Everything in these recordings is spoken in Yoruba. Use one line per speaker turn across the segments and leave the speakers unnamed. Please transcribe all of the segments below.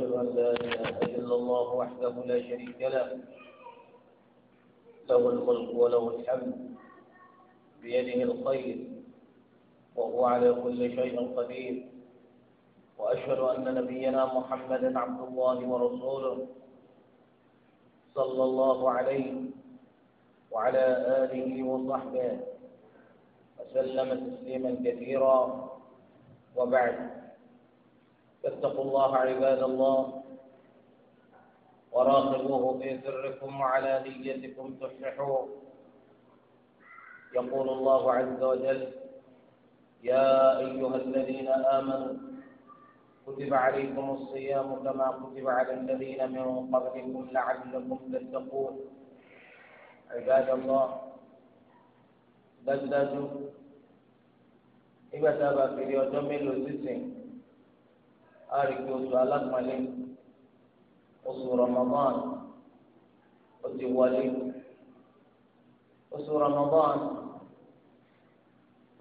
وأشهد أن لا إله إلا الله وحده لا شريك له له الملك وله الحمد بيده الخير وهو على كل شيء قدير وأشهد أن نبينا محمدا عبد الله ورسوله صلى الله عليه وعلى آله وصحبه وسلم تسليما كثيرا وبعد فاتقوا الله عباد الله وراقبوه في سركم وعلى نيتكم تفلحوه يقول الله عز وجل يا أيها الذين آمنوا كتب عليكم الصيام كما كتب على الذين من قبلكم لعلكم تتقون عباد الله بل إذا تابع في اليوم ملو àríkí oṣù alápọ̀nlé oṣù Ramadan ó ti wọlé oṣù Ramadan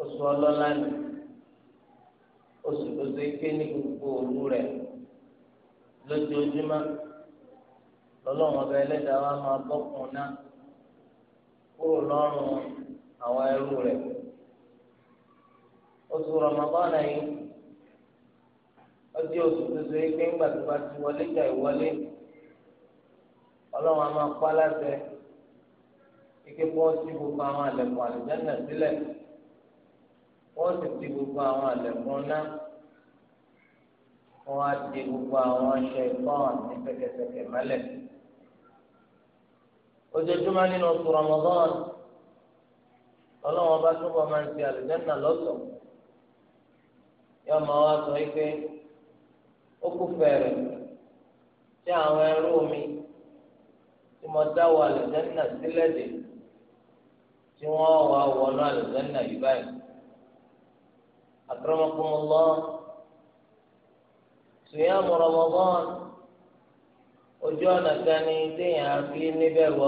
oṣù ọlọ́lá ni oṣù tó ṣe ké ní gbogbo òru rẹ̀ lójoojúmọ́ lọ́lọ́run ọba ẹlẹ́dàá wa máa bọ́kùn náà kúrò lọ́rùn àwọn ẹrú rẹ̀ oṣù Ramadan yìí ọjọ́ oṣù tó so yìí pé ńgbà tó bá ti wọlé jà ìwọlé ọlọ́run a máa pa láṣẹ ike kí wọ́n ti gbogbo àwọn àlẹ̀kùn àlùjáná sílẹ̀ wọ́n sì ti gbogbo àwọn àlẹ̀kùn náà wọ́n á di gbogbo àwọn aṣọ ìfọ́ àti pẹ̀kẹ̀pẹ̀kẹ̀ mọ́lẹ̀. ojoojúmọ́ nínú oṣù Ramadan ọlọ́run ọba túbọ̀ máa ń ti àlùjáná lọ́sọ̀ọ́ yọ ọmọ wa sọ yìí pé ó kú fẹ̀rẹ̀ tí àwọn ẹrú mi tí mo dáwọ́ àlùjànnà sílẹ̀ dé tí wọ́n wà wọnú àlùjànnà yìí báyìí akramakumullah sùyàmù Ramadan ojú ọ̀nà kan ní téèyàn fi níbẹ̀ wọ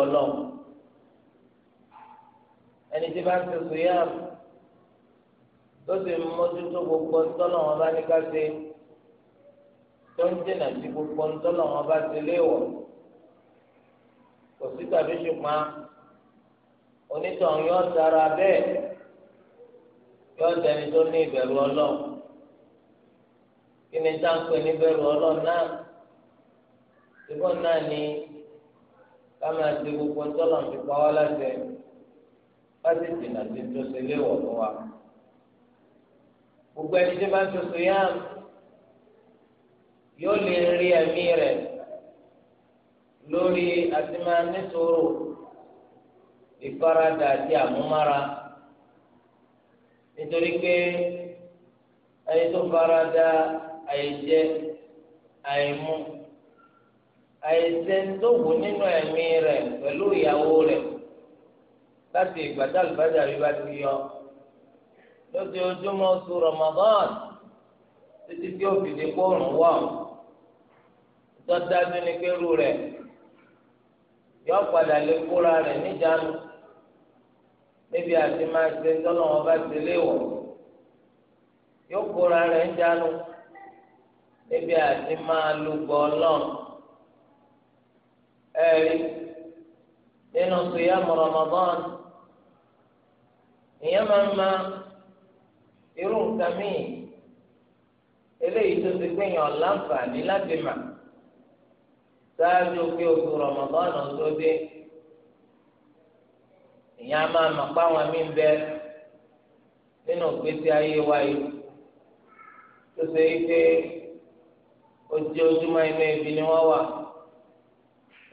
ẹni tí bá ń ṣe sùyàmù tó sì gbogbo tọ́lọ̀ wọn bá ní ká ṣe tó ń dènà sí gbogbo ń tọ́lọ̀ wọn bá ti léwọ̀ kò sí tàbí ṣùgbọ́n onítọ̀hún yóò sára bẹ́ẹ̀ yóò dẹni tó ní ìbẹ̀rù ọlọ́run kí ni táǹpẹ̀ níbẹ̀rù ọlọ́run náà ṣùgbọ́n náà ni ká máa ṣe gbogbo ń tọ́lọ̀ ti pa wá láṣẹ láti dènà sí tó ṣe léwọ̀ fún wa gbogbo ẹni tí bá ń ṣoṣo yáàmù yóò lè rí ẹ̀mí rẹ̀ lórí àtìmá nítorò ìfaradà àti àmúmára nítorí pé ẹni tó faradà àìjẹ àìmú àìsẹ tó wù nínú ẹ̀mí rẹ̀ pẹ̀lú ìyàwó rẹ̀ láti ìgbà tá àlùbáṣà rí bá ti yọ lójoojúmọ́ oṣù Ramadan títí tí ó fi dé kó rùn wọ́n. tọ́dájú ni pé irú rẹ̀ yọ padà lè kóra rẹ̀ níjànú níbi àti máa ṣe wọn bá ti léwọ̀ yóò kóra rẹ̀ níjànú níbi àti ma irú nǹkan míì eléyìí tó ti gbẹ̀yìn sáájú pé oṣù rọmọdán tó dé ìyá máa mọ̀ páwọn mí bẹ nínú ìgbésí ayé wa yìí tó ṣe é pé ojoojúmọ́ inú ibi ni wọ́n wà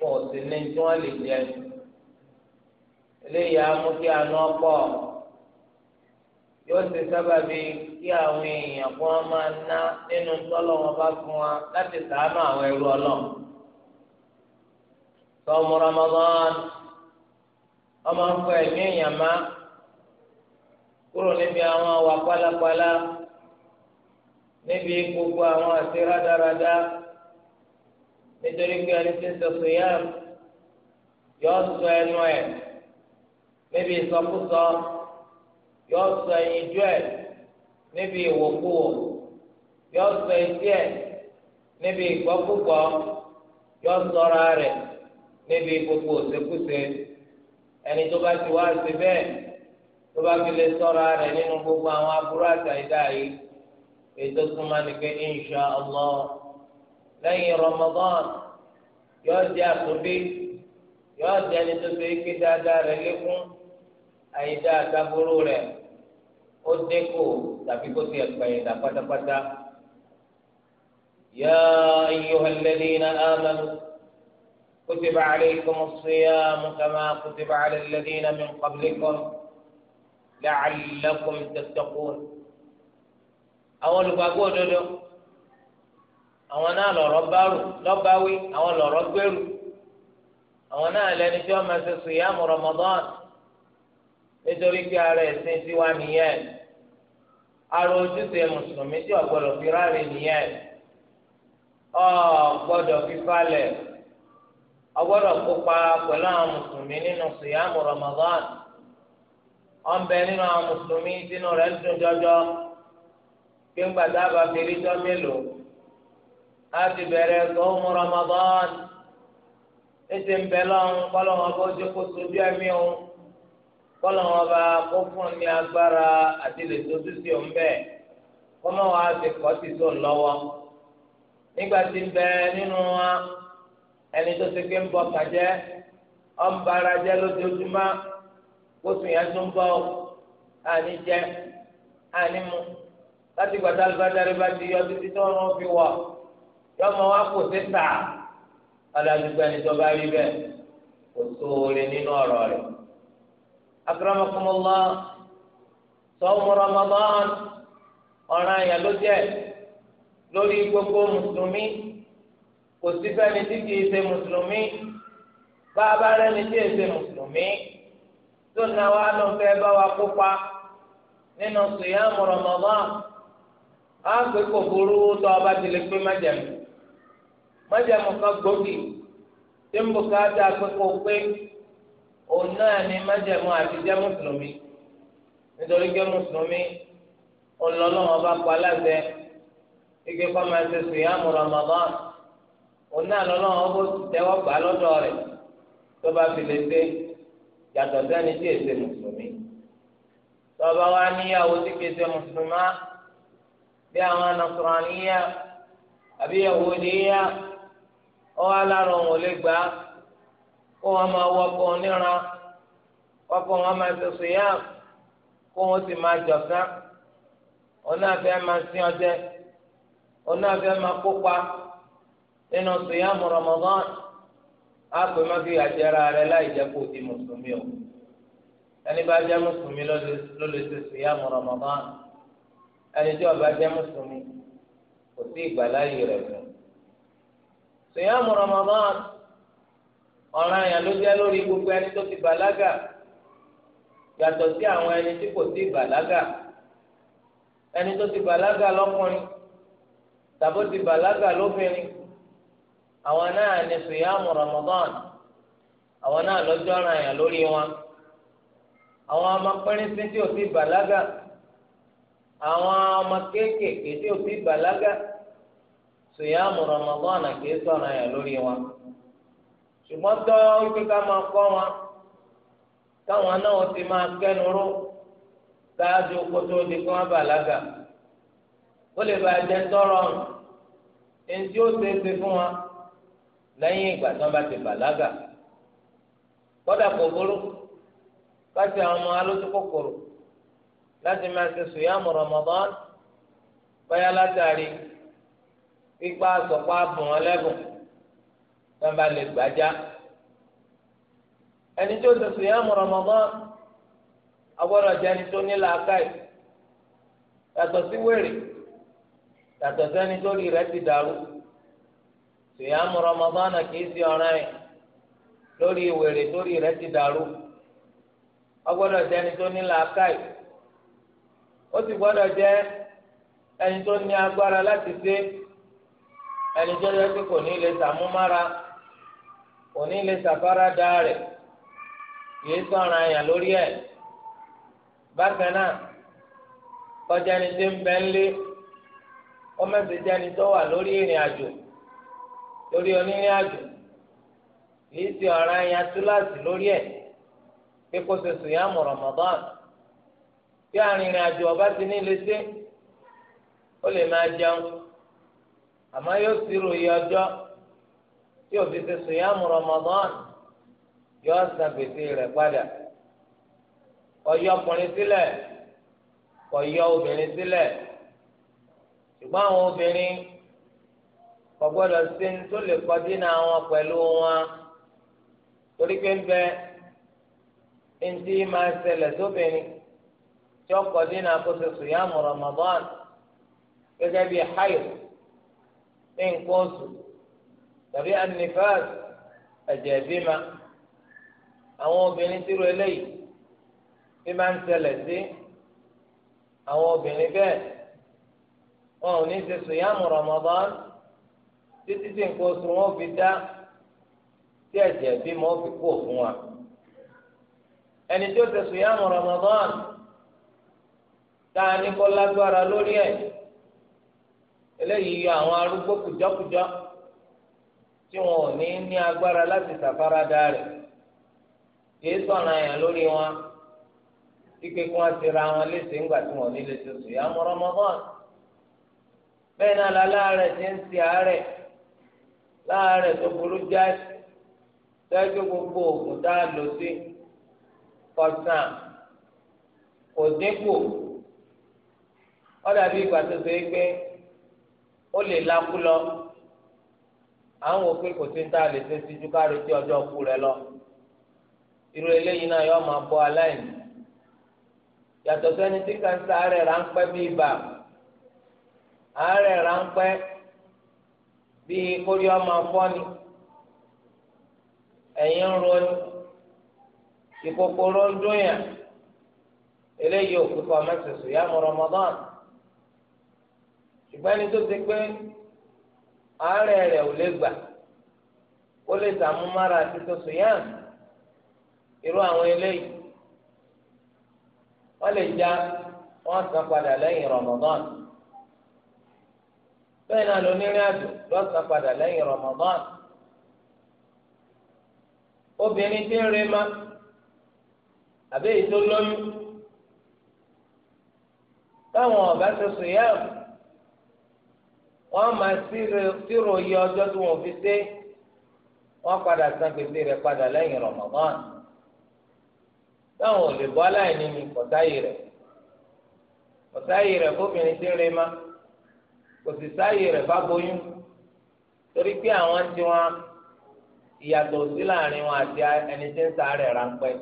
wọn ò sì ní tí wọ́n lè jẹ eléyìí á mú kí àánú ọ̀pọ̀ yóò ṣe sábàbí kí àwọn èèyàn máa ná nínú tọ́lọ́ sọmọ Ramadan ọmọ ń fọ ẹ̀mí èèyàn má kúrò níbi àwọn àwà pálapàla níbi gbogbo àwọn àti rádaràda nítorí pé ń sọ yọ sọ ẹnu ẹ níbi ìsọkúsọ yọ sọ ẹ níbi ìwòkuwò yọ sọ etí ẹ níbi yọ rẹ. níbi gbogbo òṣèkúṣe ẹni tó bá ti wá ṣe bẹ́ẹ̀ tó bá fi lè sọ́ra rẹ̀ nínú gbogbo àwọn aburú àtàyídá yìí ètò súnmọ́ ni pé insha allah lẹ́yìn ramadan yóò di àtúndí yóò di ẹni tó ṣe ike dáadáa rẹ̀ lékún àyídá àtàbúrú rẹ̀ ó dínkù tàbí kó tiẹ̀ pẹ̀yìn dà pátápátá.
يا أيها الذين
آمنوا كتب عليكم الصيام كما كتب على الذين من قبلكم لعلكم تتقون
àwọn olùgbàgbọ́ òdodo
àwọn náà lọ̀rọ̀ bárò lọ́báwí àwọn lọ̀rọ̀ gbèrú àwọn náà lẹni tí wọ́n máa ṣe sùyàmù Ramadan nítorí pé ara ẹ̀sìn tiwa nìyẹn ara ojúṣe mùsùlùmí tí ọ̀gbọ́dọ̀ fi ráre nìyẹn ọ̀ gbọ́dọ̀ fi falẹ̀. Ọ kópa pẹ̀lú àwọn mùsùlùmí nínú sùyàmù Ramadan ọ̀nbẹ nínú àwọn mùsùlùmí sínú rẹ̀ dùn jọjọ kí gbàdá bá fèrè jọ mélòó láti Ramadan ètè ń bẹ o kọ́lọ́hùn kó fún ní agbára àti lè wa ti kọ́ ti tó lọ́wọ́ nígbà tí ń bẹ nínú wa. ẹni tó ti pé ń bọ kàjẹ́ ọ̀nbara jẹ́ lójoojúmọ́ kóso yẹn tó ń àní jẹ́ àní mu láti gbàtà alùpàdàrí bá ti yọ títí tó fi yọmọ wa kò sí tà ọ̀làdùgbò ẹni tó bá rí bẹ́ẹ̀ kò sóore nínú ọ̀rọ̀ rẹ̀. kò sí fẹ́ni tí kìí ṣe mùsùlùmí bá a bá rẹ́ni tí kìí ṣe mùsùlùmí tó na wa ló ń fẹ́ bá wa kópa nínú sùyàmù Ramadan á pé kò burú tó a bá ti lè pé májàmú májàmú kan gbòógì tí ń bùkátà pé kò pé òun náà ni májàmú àti jẹ́ mùsùlùmí nítorí pé mùsùlùmí ọlọ́lọ́wọ́n bá pa aláṣẹ ike kọ́ máa ṣe sùyàmù Ramadan òun náà lọ́nà ọkọ̀ tẹ́wọ́ gbà lọ́dọ̀ rẹ̀ tó bá fi lè dé yàtọ̀ sẹ́ni tí èsè mùsùlùmí tó bá wá níyàwó tí kì í ṣe mùsùlùmá bí àwọn nasọ̀rànìyà àbí yahudiyya ó wá lára òun ò lè gbà kó wọn máa wọkọ̀ oníran wọkọ̀ wọn máa ṣe sùyà kó wọn sì máa jọ̀sán òun máa sí ọjẹ́ òun máa kópa nínú sèyàmù Ramadan á pè má fi àjẹrà rẹ láì jẹ kó di mùsùlùmí o ẹni bá jẹ mùsùlùmí ló lè ṣe sèyàmù Ramadan ẹni tí ó bá jẹ mùsùlùmí kò sí ìgbàláyè rẹ fún sèyàmù Ramadan ọ̀ràn àyàn ló jẹ́ lórí gbogbo ẹni tó ti bàlágà yàtọ̀ sí àwọn ẹni tí kò ti bàlágà ẹni tó ti bàlágà lọ́kùnrin tàbó ti bàlágà lóbìnrin àwọn náà ní sùyàmù Ramadan àwọn náà lọ́jọ́ ara yàn lórí wọn àwọn ọmọ pẹ́rẹ́sì tí ò ti bàlágà àwọn ọmọ kéékèèké tí ò ti bàlágà sùyàmù Ramadan kìí sọ̀rọ̀ yàn lórí wọn ṣùgbọ́n tọ́ wípé ká máa kọ́ wọn káwọn náà ti máa kẹ́nu ró ṣáájú kótó di kí wọ́n bàlágà ó lè bàjẹ́ tọ́rọ̀ ẹni tí ó ṣe é ṣe fún wọn. lẹ́yìn ìgbà tí wọ́n bá ti bàlágà kọ́dà káṣí àwọn ọmọ alójú kòkòrò láti máa ṣe sùyàmù Ramadan báyà látàrí pípa àsọ̀pá bùn wọn lẹ́bùn tí wọ́n bá lè gbàjá ẹni tó ṣe agbọ́dọ̀ jẹ́ ẹni tó yàtọ̀ sí sèyàmù rọmọdánà kìí ṣe ọ̀ràn yẹn lórí ìwèrè lórí rẹ ti dàrú ọgbọ́dọ̀ jẹ́ ẹni tó ní làákàyè ó sì gbọdọ jẹ ẹni tó ní agbára láti ṣe ẹni tó yẹ kò ní lè sàmúmára kò ní lè sàfaradà rẹ̀ kìí sọ̀ràn yẹn lórí ẹ̀ bákan náà kọjá ẹni tó ń ó lórí onírìn àjò èyí ti ọ̀ràn ẹ̀yà túláàsì lórí ẹ̀ pé kó ṣe sùn yá mọ̀ Ramadan tí arìnrìn àjò ọba ti ní ilé sí ó lè máa jẹun àmọ́ yóò ròyìn ọjọ́ tí òfin ṣe sùn yá mọ̀ Ramadan yóò san gbèsè rẹ̀ padà ọkùnrin sílẹ̀ kọ̀gbọ́dọ̀ sí ní tó lè kọ́ dínà wọn pẹ̀lú wọn torí pé ń bẹ ntí máa ṣẹlẹ̀ sóbìnrin tí ó kọ́ dínà kó ṣe sùyàmù Ramadan gẹ́gẹ́ bíi hayo ní nǹkan oṣù tàbí anifas ẹ̀jẹ̀ bímá àwọn obìnrin tí ro eléyìí bí máa ń ṣẹlẹ̀ sí àwọn obìnrin bẹ́ẹ̀ wọn ò ní ṣe sùyàmù Ramadan. títí tí nǹkan oṣù wọn fi dá tí ẹ̀jẹ̀ bí wọn fi kó fún wa ẹni tí ó sùn yá mọ̀ Ramadan tá a ní kó lágbára lórí ẹ̀ eléyìí yọ àwọn arúgbó kùjọ́kùjọ́ tí wọn ò ní ní agbára láti ṣàfaradà rẹ̀ sọ̀rọ̀ ike kí wọ́n ti ra wọn léṣe ńgbà tí wọ́n ní léṣe yá mọ̀ Ramadan láàárẹ̀ tó burú jáì tẹ́jú gbogbo oògùn tá a lò sí kọ̀sán kò dínkù ó dàbí ìgbà tó ṣe é gbé ó lè lakú lọ àwọn òfin kò sí tá a lè ṣe sí ju ká retí ọjọ́ kú rẹ lọ irú eléyìí náà yóò máa bọ́ aláìní yàtọ̀ sẹ́ni tí kàńtà rẹ̀ ráńpẹ́ bí ibà àárẹ̀ ráńpẹ́ bíi kórí ọmọ afọ́ni ẹ̀yìn ń roni ìkòkòrò ń dúnyà eléyìí òkúta ọmọ ṣẹṣẹ yá mọ Ramadan ṣùgbọ́n ẹni tó ti pé àárẹ̀ rẹ̀ ò lè gbà ó lè dààmú mára àti ṣoṣo irú àwọn eléyìí wọ́n lè já wọ́n san padà lẹ́yìn Ramadan bẹ́ẹ̀ náà ló nírìn àjò lọ́sàn-án padà lẹ́yìn Ramadan obìnrin tí ń re ma àbí èyí tó lóyún táwọn ọ̀gá ṣe sùn yá wọ́n máa ṣírò iye ọjọ́ tí wọ́n fi dé wọ́n padà san gbèsè rẹ̀ padà lẹ́yìn Ramadan táwọn ò bọ́ aláìní ni kọ̀táyì rẹ̀ kọ̀táyì rẹ̀ fóbìnrin tí ń re ma kò sì sáàyè rẹ̀ bá boyún torí pé àwọn tí wọn ìyàtọ̀ sí láàrin wọn àti ẹni tí ń ṣàárẹ̀ ráńpẹ́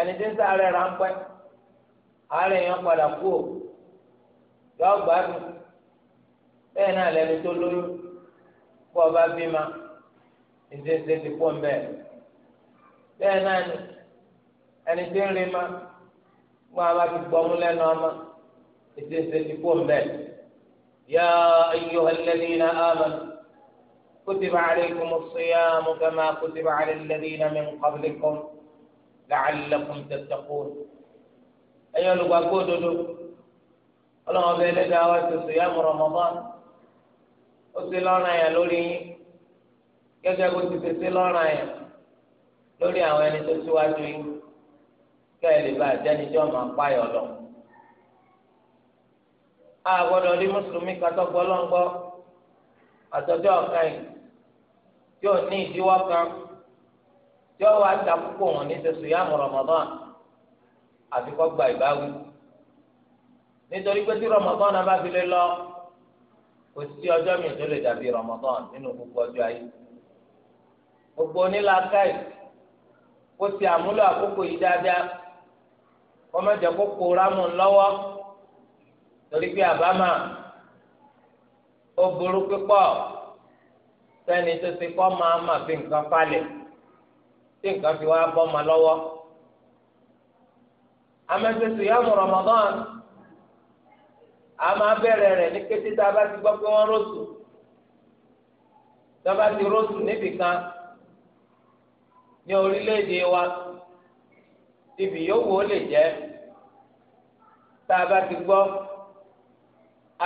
ẹni tí ń ṣàárẹ̀ ráńpẹ́ àárẹ̀ yẹn padà kú ò yọ gbádùn bẹ́ẹ̀ náà lẹni tó lóyún kó ọba bímá ìdíje ti pọ̀ mbẹ́ bẹ́ẹ̀ náà ni ẹni tí ń rí ma gbọ́n a bá ti gbọ́mú lẹ́nu ọmọ ìdíje ti pọ̀ mbẹ́. يا أيها الذين آمنوا كتب عليكم الصيام كما كتب على الذين من قبلكم لعلكم تتقون أيها الأخوة اللهم بين دعوات صيام رمضان وسلونا يا لولي كيف يقول ti يا sí lọ́rùn ayẹ lórí àwọn جاني tó síwájú yìí a gbọ́dọ̀ rí mùsùlùmí kátó gbọlọńgbọ àtọjọ ọkàn yìí tí ò ní ìdíwọ́ kan tí ó wá ta púpọ̀ wọn ní sẹ́sù yá mọ̀ Ramadan àfi kọ́ gba ìbáwí nítorí pé tí Ramadan náà bá fi lé lọ kò sí ọjọ́ mi tó lè dàbí Ramadan nínú gbogbo ọjọ́ ayé gbogbo onílàákàyè kó ti àmúlò àkókò yìí dáadáa kó má jẹ́ kó kóra mọ̀ lọ́wọ́ torí pé àbámà ó burú pípọ̀ sẹ́ni tó ti kọ́ máa mà fi nǹkan falẹ̀ tí nǹkan fi wá bọ́ ma lọ́wọ́ amẹ́sẹ̀sẹ̀ yá mọ̀ Ramadan a máa bẹ̀rẹ̀ rẹ̀ ní kété tá a bá ti gbọ́ pé wọ́n rọ́ọ̀sù tá a bá ti rọ́ọ̀sù níbìkan ní orílẹ̀-èdè wa ibi yòówù ó lè jẹ́ tá a bá ti gbọ́.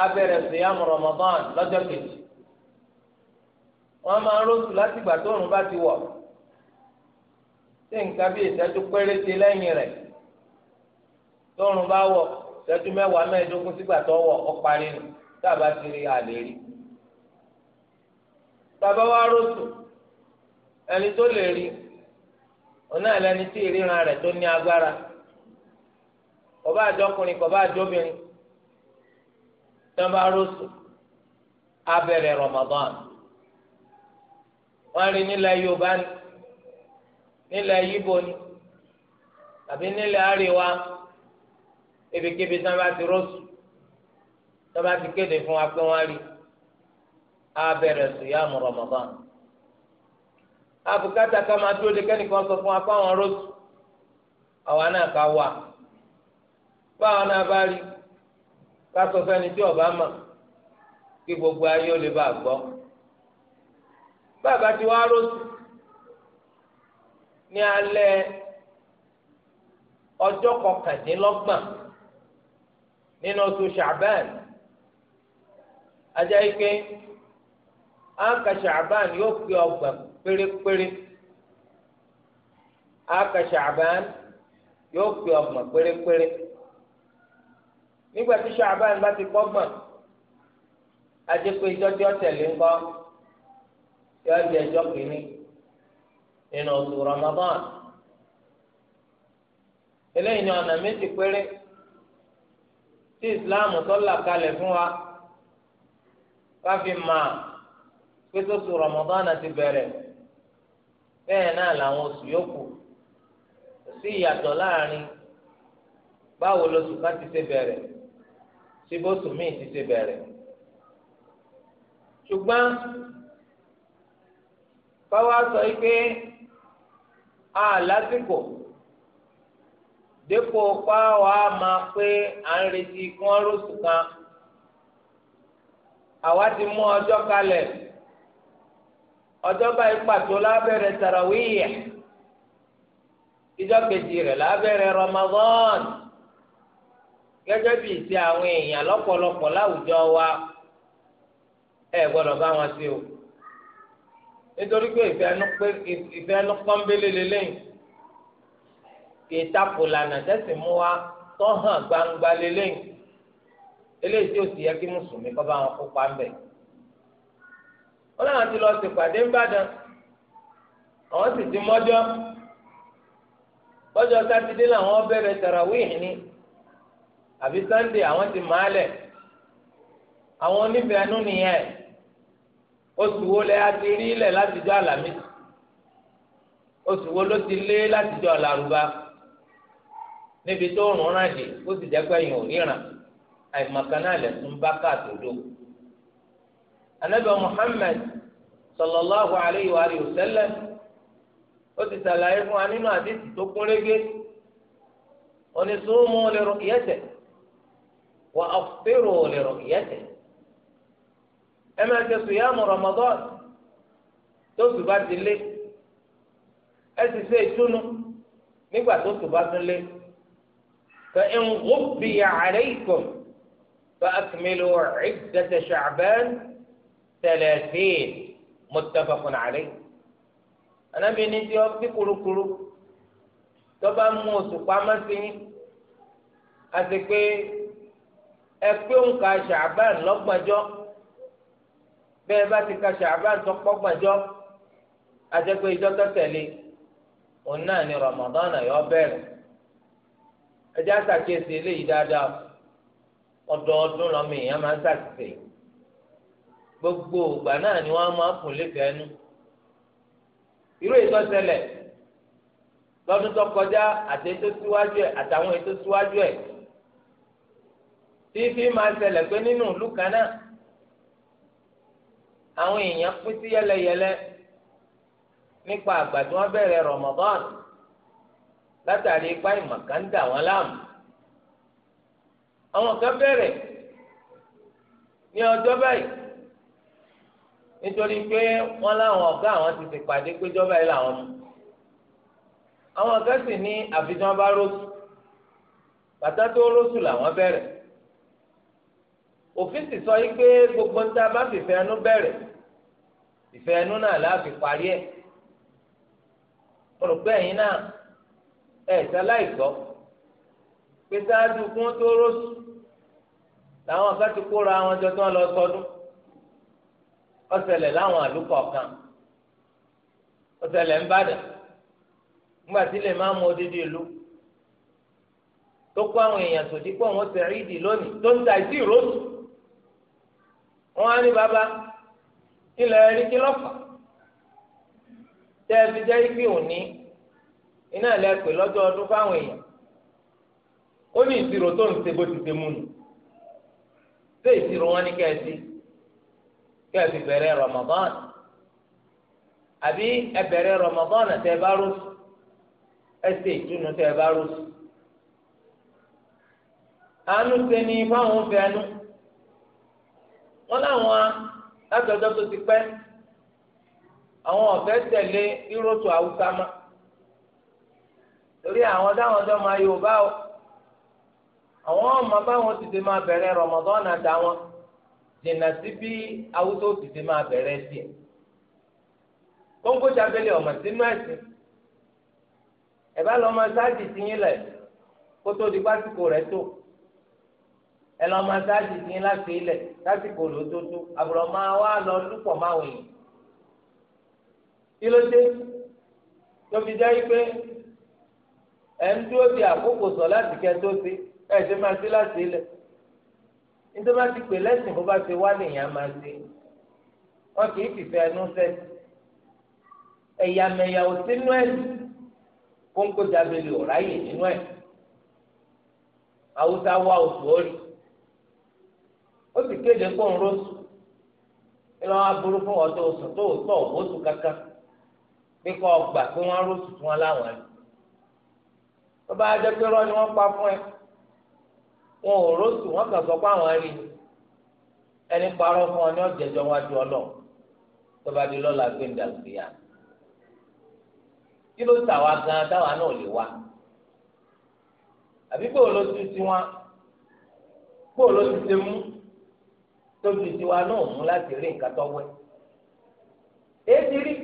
abẹ́rẹ́ ṣìyàmù Ramadan lọ́jọ́ kejì wọ́n máa rọ́ọ̀tù láti gbà tó òrùn bá ti wọ̀ tí nǹkan bí ìṣẹ́jú péréte lẹ́yìn rẹ̀ tó òrùn bá wọ̀ ìṣẹ́jú mẹ́wàá mẹ́ẹ̀ẹ́dógún sígbà tó wọ̀ ó nù tábà ti rí bàbá wa ẹni tó lè rí tí ìríran rẹ̀ tó ní agbára àjọkùnrin àjọbìnrin. tẹnbaroso abẹ̀rẹ̀ Ramadan wọn rí nílẹ̀ Yorùbá ni ni tàbí nílẹ̀ àríwá ebíkébi tẹnba ti roso kéde fún wa pé wọn rí Ramadan àbùkátà ká dúró de kẹ́nìkan sọ fún wa pé àwọn roso náà ká wà kásọ fẹ́ni tí ọba mà kí gbogbo ayé ó lè bá a gbọ́ bàbá tí wàá rọsì ní alẹ́ ọjọ́ kọkàndínlọ́gbọ̀n nínú oṣù Ṣàbán ajá ike áńkà yóò pé ọgbọ̀n pérépéré áńkà nígbà tí ṣàbáyé bá ti kọ́gbọ̀n àdékò ìjọ́jọ́ tẹ̀lé ńkọ́ yọ jẹ ẹjọ́ kìíní nínú oṣù Ramadan eléyìí ni ọ̀nà méjì péré tí ìsìláàmù tó là kalẹ̀ fún wa wá fi mà pé tó Ramadan ti bẹ̀rẹ̀ bẹ́ẹ̀ náà làwọn oṣù yòókù sí ìyàtọ̀ láàrin báwo lóṣù ká ti ṣe bẹ̀rẹ̀ tí bóṣù míì ti ṣe bẹ̀rẹ̀ ṣùgbọ́n káwá sọ pé a lásìkò dépò páwa máa pé à ń retí kí wọ́n rọ̀ṣù kan àwa ti mú ọjọ́ kalẹ̀ ọjọ́ báyìí pàtó lábẹ́rẹ́ tarawih ìjọ kejì rẹ̀ lábẹ́rẹ́ Ramadan gẹ́gẹ́ bíi ti àwọn èèyàn lọ́pọ̀lọpọ̀ láwùjọ wa ẹ gbọ́dọ̀ bá wọn sí o nítorí pé ìfẹ́ ẹnu pọ́nbélé lélẹ́yìn ìtakò lànà tẹ́sí mú wa tó hàn gbangba lélẹ́yìn eléyìí tí ó sì yẹ kí mùsùlùmí kọ́ bá wọn kópa ń bẹ̀. wọ́n náà ti lọ ṣèpàdé ńbàdàn àwọn sì ti mọ́jọ́ bọ́jọ́ sátidé làwọn bẹ̀rẹ̀ tàràwíhì ni àbí sunday àwọn ti máa lẹ̀ àwọn onífẹ̀ẹ́ nú nìyẹn oṣù wo lẹ́yà ti rí ilẹ̀ látijọ́ àlàmísì oṣù wo ló ti lé látijọ́ làrúbá níbi tó rùn ràn dé ó sì jẹ́ pé yìí ò ríran àìmọ̀kan náà lẹ̀sùn bá káàtó anabi muhammed sallallahu alayhi wa alihi wa sallam ó ti sàlàyé fún wa nínú àdìsí tó kún régé onísùnmù lè rò yẹtẹ wà ọ̀fẹ́rò lè rọ̀ ìyẹ́tẹ̀ ẹ máa ṣe sùyàmù Ramadan tó sùn bá ti lé ẹ sì ṣe ìtúnu nígbà tó sùn bá tún lé fẹ ń gbóbi àárẹ ìkọ fẹ akímẹlẹ ìdẹtẹ ṣàbẹn tẹlẹfíìn mọtàbàkùn àárẹ anabi ní tí ọtí kurukuru tó bá mú oṣù pamọ́ sí ẹ pé òǹkà ṣàbán lọ́gbọ̀njọ́ bẹ́ẹ̀ bá ti ka ṣàbán tó pọ́gbọ̀njọ́ àjẹpẹ́ ìjọ tó tẹ̀lé òun náà ni Ramadan yọ bẹ̀rẹ̀ ẹjẹ́ àtàkìyèsí eléyìí dáadáa ọdọọdún lọ́mọ èèyàn máa ń ṣàtìsẹ́ gbogbo ìgbà náà ni wọ́n máa ń kùn lẹ́fẹ̀ẹ́ nú irú ètò ṣẹlẹ̀ lọ́dún tó kọjá àti ètò síwájú ẹ̀ àtàwọn ètò síwájú ẹ̀ fífi máa ṣẹlẹ̀ pé nínú ìlú kan náà àwọn èèyàn pín sí yẹlẹyẹlẹ nípa àgbà tí wọ́n bẹ̀rẹ̀ Ramadan látàrí ipá ìmọ̀ká ń dà wọ́n láàmú àwọn kan bẹ̀rẹ̀ ní ọjọ́ báyìí nítorí pé wọ́n láwọn ọ̀gá àwọn ti ti pàdé péjọ́ báyìí làwọn mú àwọn kan sì ní àfijọ́ bá rọ́ọ̀sù bàtà tó rọ́ọ̀sù làwọn bẹ̀rẹ̀ òfin sì sọ yìí pé gbogbo ń tá a bá fìfẹ́ ẹnu bẹ̀rẹ̀ ìfẹ́ ẹnu náà láàfi parí ẹ̀ olùgbé ẹ̀yin náà ẹ̀ sáláì gbọ́ pé sáájú kún tó rọ́ọ̀sù làwọn kan ti kóra àwọn jọ tán lọ sọdún ó ṣẹlẹ̀ láwọn àlùkò kan ó ṣẹlẹ̀ ń bàdàn nígbà tí lè máa mú odidi ìlú tó kó àwọn èèyàn sòdí pé wọ́n ṣe rídìí lónìí tó ń ta ìdí ìrọ́sùn. wọn á ní bàbá ilẹ̀ rí lọ́fà tẹ́ ẹ fi jẹ́ ibi òní iná ẹ̀ pè lọ́jọ́ ọdún fáwọn èèyàn ó ní ìṣirò tó ń ṣe bó ti ṣe mú nù ṣé ìṣirò wọn ní kẹ́ẹ̀sì kẹ́ẹ̀sì bẹ̀rẹ̀ Ramadan àbí tẹ́ ẹ bá wọn láwọn láti ọjọ́ tó ti pẹ àwọn ọ̀fẹ́ tẹ̀lé ìrọ̀tù haúsá ma torí àwọn táwọn ọjọ́ máa yorùbá o àwọn ọmọ báwọn ti ti máa bẹ̀rẹ̀ rọmọdán àtàwọn dènà sí bí haúsá ti ti máa bẹ̀rẹ̀ tiẹ̀ sínú bá sáàjì ẹ lọ máa sáàjì sí láti ilẹ̀ lásìkò lótótó àbúrò máa wá lọ lúpọ̀ máa wẹ̀yìn. kí ló dé tó fi jẹ́ pé ẹ̀ ń dúró di àkókò sọ láti kẹ́ tó sí ẹ̀ ṣe máa sí láti ilẹ̀ nítorí wọ́n ti pè lẹ́sìn bó bá ṣe wá nìyẹn máa ṣe wọ́n kì í fìfẹ́ ẹnu sẹ́sì ẹ̀yàmẹ̀yà ò sínú ẹ̀ kóńkó jábẹ́lì ò nínú ẹ̀ haúsá wá oṣù orí ó sì kéde kó ń rọ́ọ̀sù ìlọ aburú fún ọdún oṣù tó tọ̀ oṣù kankan bí kò gbà pé wọ́n rọ́ọ̀sù fún wọn láwọn ẹ̀ tó bá jẹ́ pé rọ́ọ̀ ni wọ́n pa fún ẹ wọn ò rọ́ọ̀sù wọ́n kàn sọ pé àwọn rí ẹni parọ́ fún ọ ní ọ̀jẹ̀jọ́ wájú ọlọ́ọ̀ tó bá di lọ́la gbé ń dàgbéyà kí ló tà wá gan táwa náà lè wá àbí bó ló ti tiwọn bó ló ti ti mú. tóbi tiwa náà mú láti rí nǹkan tọ́wọ́ ẹ̀ èyí rí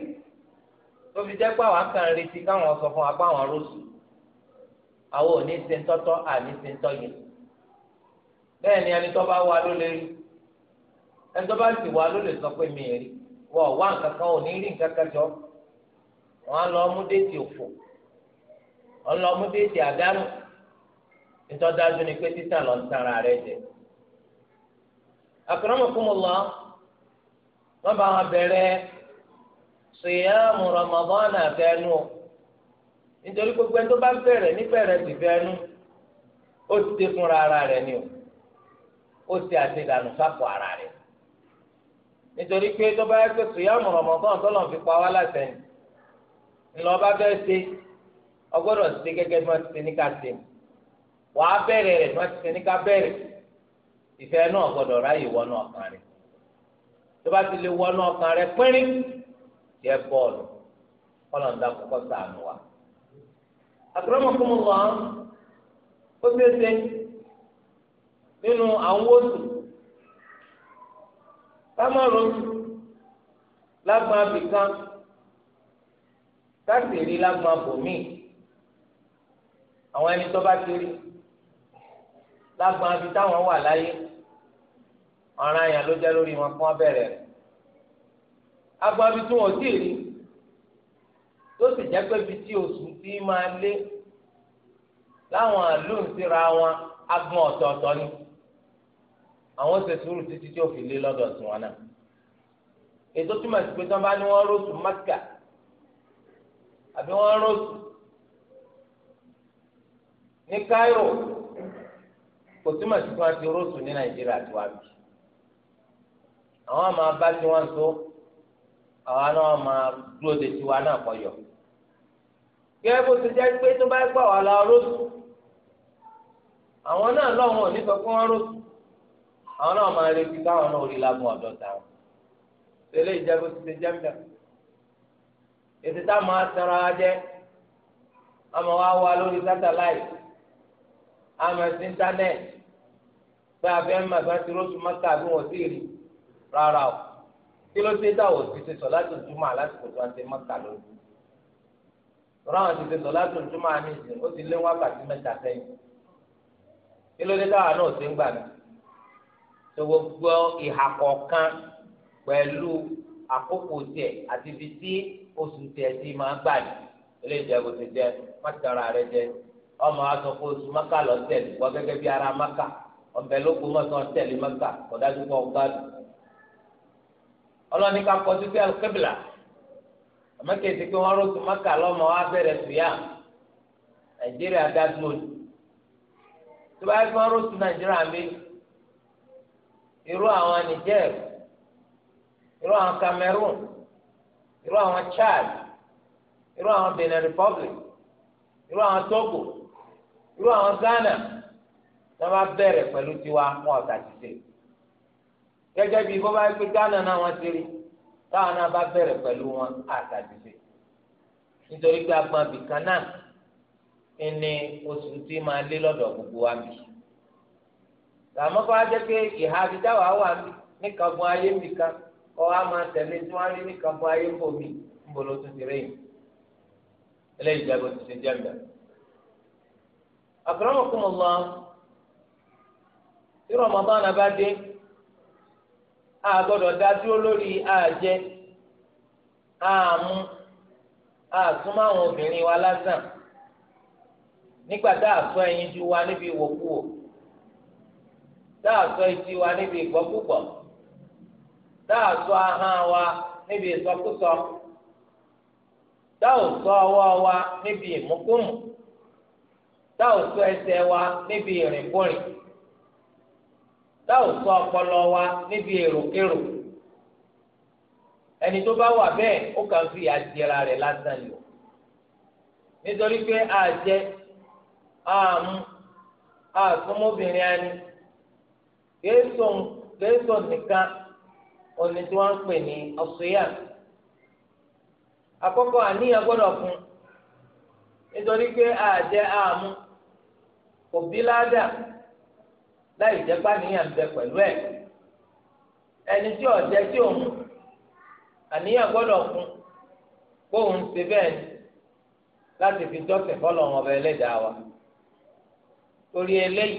tóbi jẹ́ pé àwọn kan retí káwọn sọ fún wa pé àwọn rọ́ọ̀sù àwọn ń tọ́tọ́ àní ń bẹ́ẹ̀ ni ẹni tó bá wà ló lè rí ẹni tó bá sì wà ló lè sọ pé mi rí wọ́n wá nǹkan kan ò ní rí nǹkan akramakumullah wọn bá wọn bẹ̀rẹ̀ siyamu ramadan abẹnú o nítorí gbogbo ẹni tó bá bẹ̀rẹ̀ níbẹ̀rẹ̀ sì bẹnu ó ti dé fúnra ara rẹ̀ ni o ó ti àtẹ̀dànù sápò ara rẹ̀ nítorí pé tó bá yẹ pé siyamu ramadan tọ́lọ̀ fi pa wá látẹ̀yìn ńlọ bá fẹ́ ṣe ọgbọ́dọ̀ ṣe gẹ́gẹ́ bí wọ́n ti ṣe ní ká ṣe wàá bẹ̀rẹ̀ rẹ̀ bí wọ́n ti ṣe ní ká bẹ̀rẹ̀ ìfẹ́ náà gbọ́dọ̀ ráyè wọnú ọkàn rẹ̀ tó bá ti lè wọnú ọkàn rẹ̀ pínrín jẹ́ bọ́ọ̀lù kọ́lọ̀ ń da kọ́kọ́ sànù wa. àtúrọ́mọkùnrin wọn ó ṣeéṣe nínú àwọn oṣù kámọ́rún lágbọ́n abìkan káṣíìrí lágbọ́n abòmíì àwọn ẹni tó bá ti rí lágbọ́n abì táwọn wà láyé ọ̀ràn yẹn ló jẹ́ lórí wọn kí wọ́n bẹ̀rẹ̀ rẹ̀ agbábi tí wọn ò tíì rí tó sì jẹ́ pé bíi tí oṣù tí máa lé láwọn àlùm síra wọn agbọn ọ̀tọ̀ọ̀tọ̀ ni àwọn ṣe sùúrù títí tí ó fi lé lọ́dọ̀ sí wọn náà ètò túmọ̀ sí pé tí wọ́n bá ní wọ́n rọ́ọ̀sù mákà àbí wọ́n rọ́ọ̀sù ní Cairo kò túmọ̀ sí pé wọ́n ti rọ́ọ̀sù ní Nàìjíríà tí wọ́n á àwọn máa bá tí wọ́n so àwa náà máa dúró de tiwa náà kọ yọ. gẹ́gẹ́ bó ti jẹ́ pé tó bá gbà wà lọ rótù àwọn náà lọ́wọ́ ò ní sọ fún wọn rótù àwọn náà máa retí káwọn náà rí lágùn ọ̀dọ̀ táwọn. tẹ́lẹ̀ ìjẹ́ bó ti ṣe jẹ́ mìíràn. ètò tá a máa sanra wa jẹ́ a máa wá wa lórí sátáláìtì a máa sí íńtánẹ́ẹ̀tì pé àfẹ́ màgbà ti rótù mọ́tà bí wọ́n sì rí i. rárá o kí ló dé dáwọ̀ ti ṣe sọ̀lá tó túmọ̀ lásìkò tó ń ṣe lójú tọ́lá o ti ṣe sọ̀lá tó túmọ̀ ní ó ti lé wákàtí mẹ́ta sẹ́yìn kí ló dé dáwọ̀ náà ṣe ń gbà mí tó gbogbo ìhà kọ̀ọ̀kan pẹ̀lú àkókò àti ibi tí oṣù ti máa gbà ní ti rẹ ọmọ aṣọ kó ọlọ́ni ká kọjú sí alukébìlà àmọ́ kèsì pé wọ́n rọ́ọ̀tù mọ́kà lọ́mọ wa bẹ̀rẹ̀ sùyà nàìjíríà dàgbòdì tó bá yẹ kí wọ́n rọ́ọ̀tù nàìjíríà mi irú àwọn niger irú àwọn cameroon irú àwọn chad irú àwọn benin republic irú àwọn togo irú àwọn ghana tó bá bẹ̀rẹ̀ pẹ̀lú tiwa wọn ọ̀tà ti sè gẹ́gẹ́ bíi bó bá yẹ pé na náà wọn ti rí táwọn náà bá bẹ̀rẹ̀ wọn àtàdìsẹ́ nítorí pé agbọn abìkan náà ẹni oṣù tí máa lé lọ́dọ̀ gbogbo wa bì làmọ́ kọ́ ajẹ́ pé ìhà àbídá wà mí ayé mi kan kọ́ a máa tẹ̀lé tí rí ayé a gbọ́dọ̀ dá dúró lórí àjẹ àmú àsúnmọ́ àwọn obìnrin wa lásán nígbà tá a sọ ẹyin ju wa níbi ìwòkuwò tá a sọ etí wa níbi ìgbọ́kúgbọ̀ tá a sọ ahọ́n wa níbi ìsọkúsọ tá ò sọ ọwọ́ wa níbi ìmúkúmù tá ò sọ ẹsẹ̀ wa níbi ìrìnkúrìn. tá ò ọpọlọ wa níbi èròkérò ẹni tó bá wà bẹ́ẹ̀ ó kàn fi àjẹra rẹ̀ lásán ni o nítorí pé àjẹ àmú àsọmọbìnrin ẹni kéésọ nìkan òní tí wọ́n ń pè ní ọ̀ṣùyà àkọ́kọ́ àníyàn gbọ́dọ̀ fún nítorí pé àjẹ àmú kò bí ládàá. láì jẹ́ pàníyàn ń bẹ pẹ̀lú ẹ̀ ẹni tí ọ̀jẹ́ tí òun àníyàn gbọ́dọ̀ fún kóun ṣe bẹ́ẹ̀ láti fi jọ́sìn fọlọ́run ọba ẹlẹ́dàá wa torí eléyìí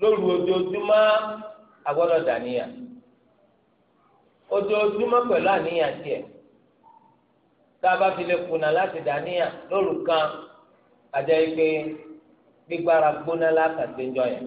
lóru ojoojúmọ́ agbọ́dọ̀ dàníyàn ojoojúmọ́ pẹ̀lú àníyàn tiẹ̀ tá a bá fi lè kùnà láti dàníyàn lóru kan àjẹ́ pé gbígbára gbóná lákàtúndọ̀ yẹn.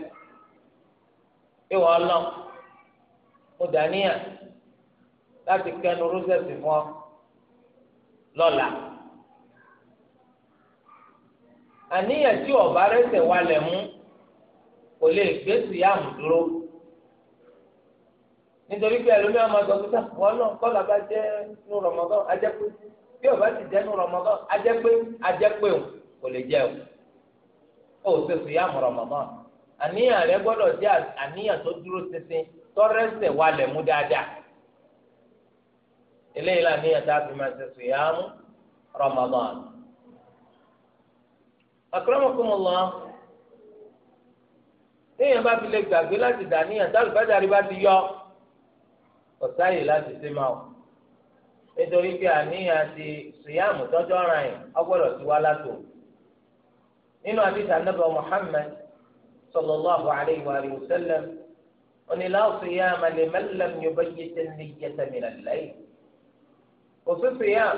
ìwọ ọlọ mo dàníyà láti kẹnu rọ́sẹ̀sì fún ọ àníyàn tí ọba rẹsẹ̀ walẹ̀ mú kò lè gbé síyàmù dúró nítorí pé ẹlòmíràn máa sọ pé wọn náà kọ́lá bá jẹ́ nu rọmọdán ajẹ́pé bí ọba sì jẹ́ nu rọmọdán o àníyàn rẹ gbọdọ si àníyàn tó dúró ṣinṣin tọ́rẹ́sẹ̀ wálẹ̀ mú dáadáa eléyìí la níyàn tá a fi máa ṣe sùyàmù bá fi lè gbàgbé láti dàníyàn tálùbájáde bá yọ ọ̀sáyè láti ṣe máa nítorí pé àníyàn ti sùyàmù tọjọ ara yìí ọgbọ́dọ̀ ti wá látò nínú àdìsá nàbà صلى الله عليه وآله وسلم أن لا صيام لمن لم يبيت النية من الليل وفي صيام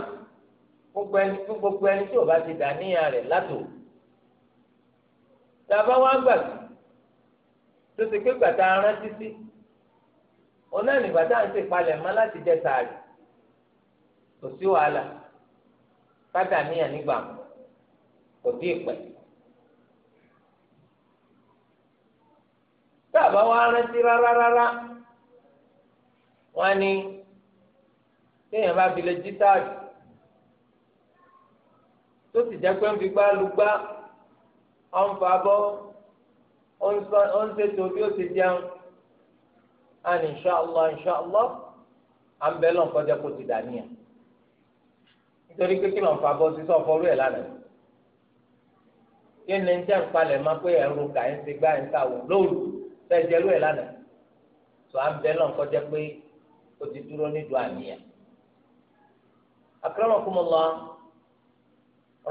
gbogbo ẹni tí o bá ti dàníyàn rẹ̀ látò tàbá wá gbà tó ti pé gbàtà arántí sí ọ̀nà nígbàtà ń ṣèpalẹ̀ mọ́ láti jẹ sàárì kò sí wàhálà ká dàníyàn nígbà kò sí ìpẹ́. táàbà wa rántí rárá rárá wọn ni téèyàn bá fi lè jí táàbì tó sì jẹ́ pé ń fi gbá lu gbá ọ ń fa bọ́ ó ń ṣètò bí ó ti jẹun àní inṣàlá inṣàlá à ń bẹ lọ́n kọjá kó ti dàníyà nítorí pé kí lọ́n fa bọ́ sí sọ́fọ́rú ẹ̀ lánàá kí ni ń jẹ́ ń palẹ̀ máa pé ẹ̀rù kà ń ṣe gbá ń ta wò lóru. sẹ́jẹ̀rú ẹ̀ lánàá tó à ń pé o ti dúró nídùú àníyàn.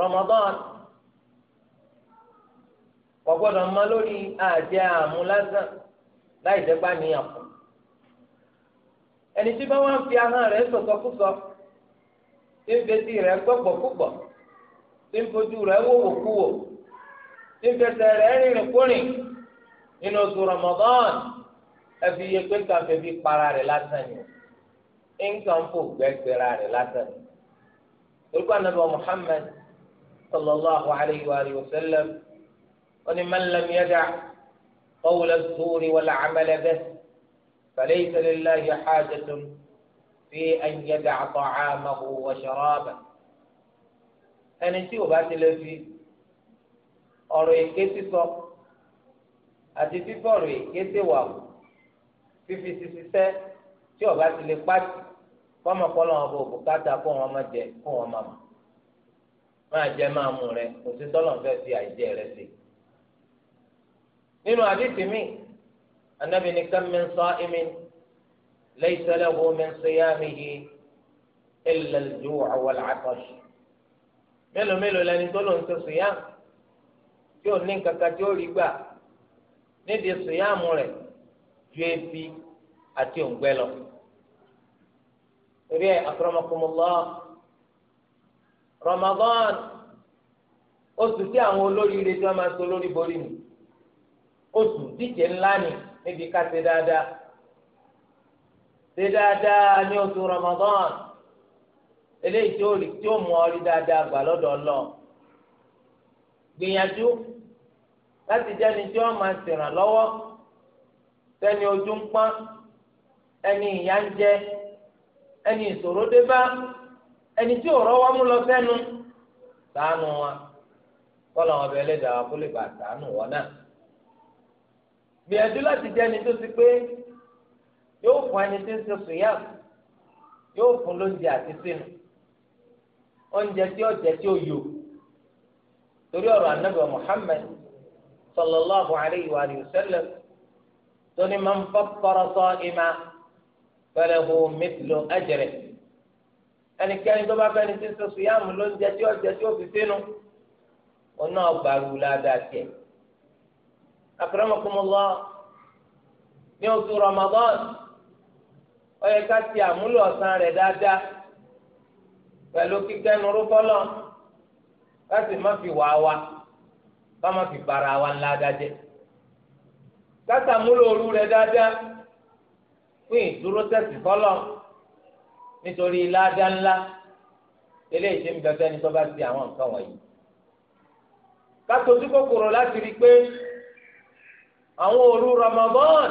Ramadan kò gbọ́dọ̀ mọ lórí àjẹ àmú láì jẹ́ kù. ẹni tí bá wọn fi ahọ́n rẹ̀ tí ń fetí rẹ̀ gbọ́gbọ̀kúgbọ̀ tí ń nínú oṣù Ramadan ẹbí yẹ pé nǹkan fẹ́ bí para rẹ̀ lásán ni nǹkan fò gbẹ́gbẹ́ra rẹ̀ lásán ni. olùkọ́ anábọ̀ Muhammad sallallahu alayhi wa sallam oní man lam yada qawla az-zuri wal amala bihi falaysa lillahi hajatun fi an yada'a ta'amahu wa sharabahu. ẹni tí ó bá ti fi ọ̀rọ̀ èké àti fífọ̀rọ̀ èkété wà o fífi sisisẹ́ tí ọba ti lè pàtì kọ́mọkọ́lọ́ wọn bò bùkátà kó wọn máa jẹ kó wọn máa mọ̀ máa jẹ máa mú rẹ kò sí tọ́lọ̀ fẹ́ fi àìjẹ rẹ sí. nínú àdìsí mi anábì ní kam min sa'imin laysa lahu min siyamihi illa al-ju'u wal-'atash. mélòó mélòó lẹni tó lòun tó sùn yá tí ò ní nǹkan tí ó rí gbà. nídìí sùyàmù rẹ̀ ju ebi àti òǹgbẹ lọ torí ẹ akramakumullah Ramadan oṣù tí àwọn olóríire tí wọn máa so lórí borí ni oṣù díje ńlá ni níbi ká ṣe dáadáa ṣe dáadáa ní oṣù Ramadan eléyìí tí ó mú ọ rí dáadáa gbà lọ́dọ̀ láti jẹ́ ẹni tí wọ́n máa ṣèrànlọ́wọ́ sẹ́ni ojú ń pọ́n ẹni ìyà ń jẹ ẹni ìṣòro dé bá ẹni tí òrọ́ wá mú lọ sẹ́nu ṣàánú wa kọ́lọ̀ wọn ẹlẹ́dàá wa kó lè bàa wọn náà. gbìyànjú láti jẹ́ tó ti pé yóò fún ẹni tí ń ṣe yóò fún lóúnjẹ àti sínú oúnjẹ tí ó jẹ tí ó yò torí ọ̀rọ̀ sallallahu alayhi wa sallam tóní máa ń fọ́kọ́rọ́ sọ ìmá falahu mithlu ajri ẹnikẹ́ni tó bá fẹ́ ni tí ń sọ̀sọ̀ yá mú lóúnjẹ tí ó jẹ tí ó fi sínú òun náà gbàrú ládàá tiẹ̀. akramakumullah ní oṣù Ramadan ó yẹ ká ti àmúlò ọ̀sán rẹ̀ dáadáa pẹ̀lú kíkẹ́nu rúbọ́lọ́ láti má fi wàá wa. wa báma fi bara wa ńlá dájẹ kásá múlò òru rẹ dáadáa fún ìdúró tẹsí fọlọ nítorí ládá ńlá eléyìí ṣe ń bẹ fẹni tó bá ti àwọn nǹkan wọ̀nyí kátó kòkòrò láti rí pé àwọn òru Ramadan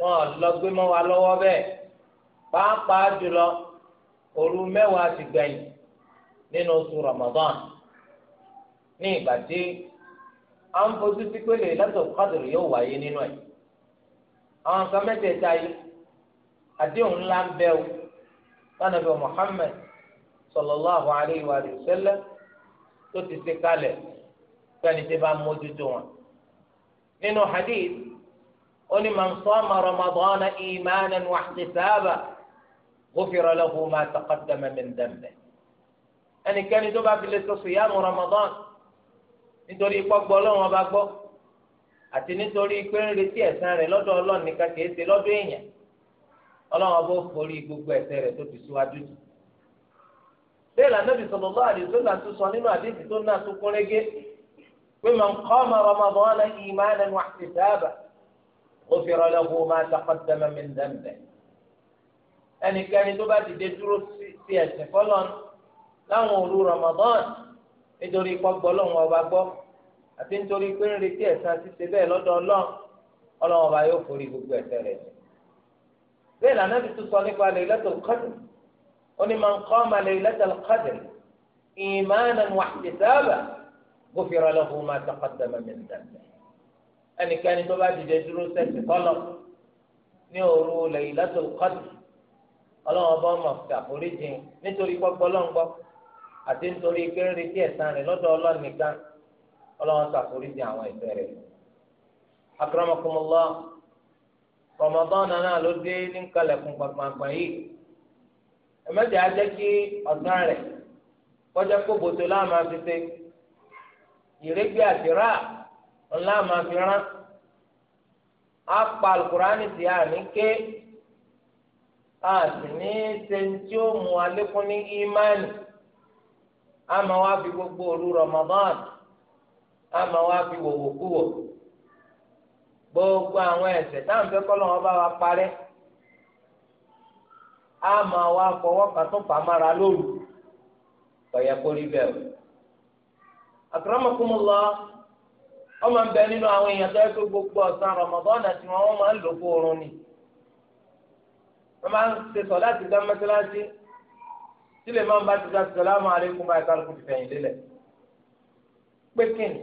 wọn lọ gbé mọ́ wa lọ́wọ́ bẹ́ẹ̀ pàápàá jùlọ òru mẹ́wàá ti gbẹ̀yìn nínú oṣù Ramadan ní ìgbà tí a ń fojú sí pé lè lọ́tọ̀ kádìrì yóò wáyé nínú ẹ̀ àwọn nǹkan mẹ́tẹ̀ẹ̀ta yìí àdéhùn ńlá ń bẹ́ o lánàbẹ̀ Muhammad sallallahu alayhi wa sallam tó ti ṣe kalẹ̀ fẹ́ni tí bá mójútó wọn. nínú hadith ó ní man sama Ramadana imanan wa ihtisaban ghufira lahu ma taqaddama min dhanbihi ẹnikẹ́ni tó bá fi lè sọ sùyàmù Ramadan nítorí ìpọ́gbọ́ ọlọ́run ọba gbọ́ àti nítorí pé ń retí ẹ̀san rẹ̀ lọ́dọ̀ ọlọ́run nìkan kìí ṣe lọ́dọ̀ èèyàn ọlọ́run ọba ó forí gbogbo ẹ̀ṣẹ̀ rẹ̀ tó ti síwájú jù. bẹ́ẹ̀ lànà bí sọ̀rọ̀ àdìsó là tún sọ nínú àdìsí tó náà tún kún régé pé màá kọ́ ọmọ ọmọ wọn náà ìmọ̀ ẹ̀ nínú àti dáàbà ó fi rọlẹ́ kó máa takọ́ dẹ́mẹ́ mi dẹ́mẹ́ ẹnikẹ́ni tó bá ti dúró sí ẹ̀sìn fọ́lọ́n láwọn òru Ramadan nítorí pọ́gbọ́ lọ́wọ́ ọba gbọ́ àti nítorí pé ń retí ẹ̀san ṣíṣe bẹ́ẹ̀ lọ́dọ̀ ọlọ́run ọlọ́run ọba yóò forí gbogbo ẹ̀ṣẹ̀ rẹ̀ jù. bẹ́ẹ̀ lànà ti tún sọ nípa Laylatul Qadr ó ní man qama Laylatul Qadr imanan wa ihtisaban ghufira lahu ma taqaddama min dhanbihi. ẹnikẹ́ni tó bá dìde dúró sẹ́sì kọ́lọ̀ ní òru Laylatul Qadr ọlọ́run ọba ọmọ àti nítorí pé ń retí ẹ̀san rẹ̀ lọ́dọ̀ ọlọ́run nìkan ọlọ́run ṣàforíjì àwọn ẹ̀ṣẹ̀ rẹ̀. akramakumullah Ramadan náà ló dé ní kalẹ̀kùn gbàngbàngbàn yìí ẹ̀mẹ́jẹ̀ á jẹ́ kí ọ̀sán rẹ̀ kọjá kó bòtò láàmú afẹ́fẹ́ ìrẹ́gbẹ́ àtìrá ńláàmú afẹ́rán á pa alukurani ti àní ké a sì ní sẹ́ńtì ó mu alẹ́kùn ní ímánì. ama wa fi gbogbo òru Ramadan ama wa fi wòwò kúwò gbogbo àwọn ẹ̀ṣẹ̀ táwọn fẹ́ kọ́ lọ́wọ́ bá wa parẹ́ ama wa fọwọ́ kàtó pàmára lóru ọ̀yà kórì bẹ́ẹ̀ o akramakumullah ọmọ ń nínú àwọn èèyàn tó yẹ gbogbo ọ̀sán Ramadan àti wọn wọn máa ń lò ni wọn máa ń ṣe sọ láti gbá tílẹ̀ máa ń bá ti sàtì sàlámù alaykum báyìí kálukú ti fẹ̀yìn lélẹ̀ pé kíni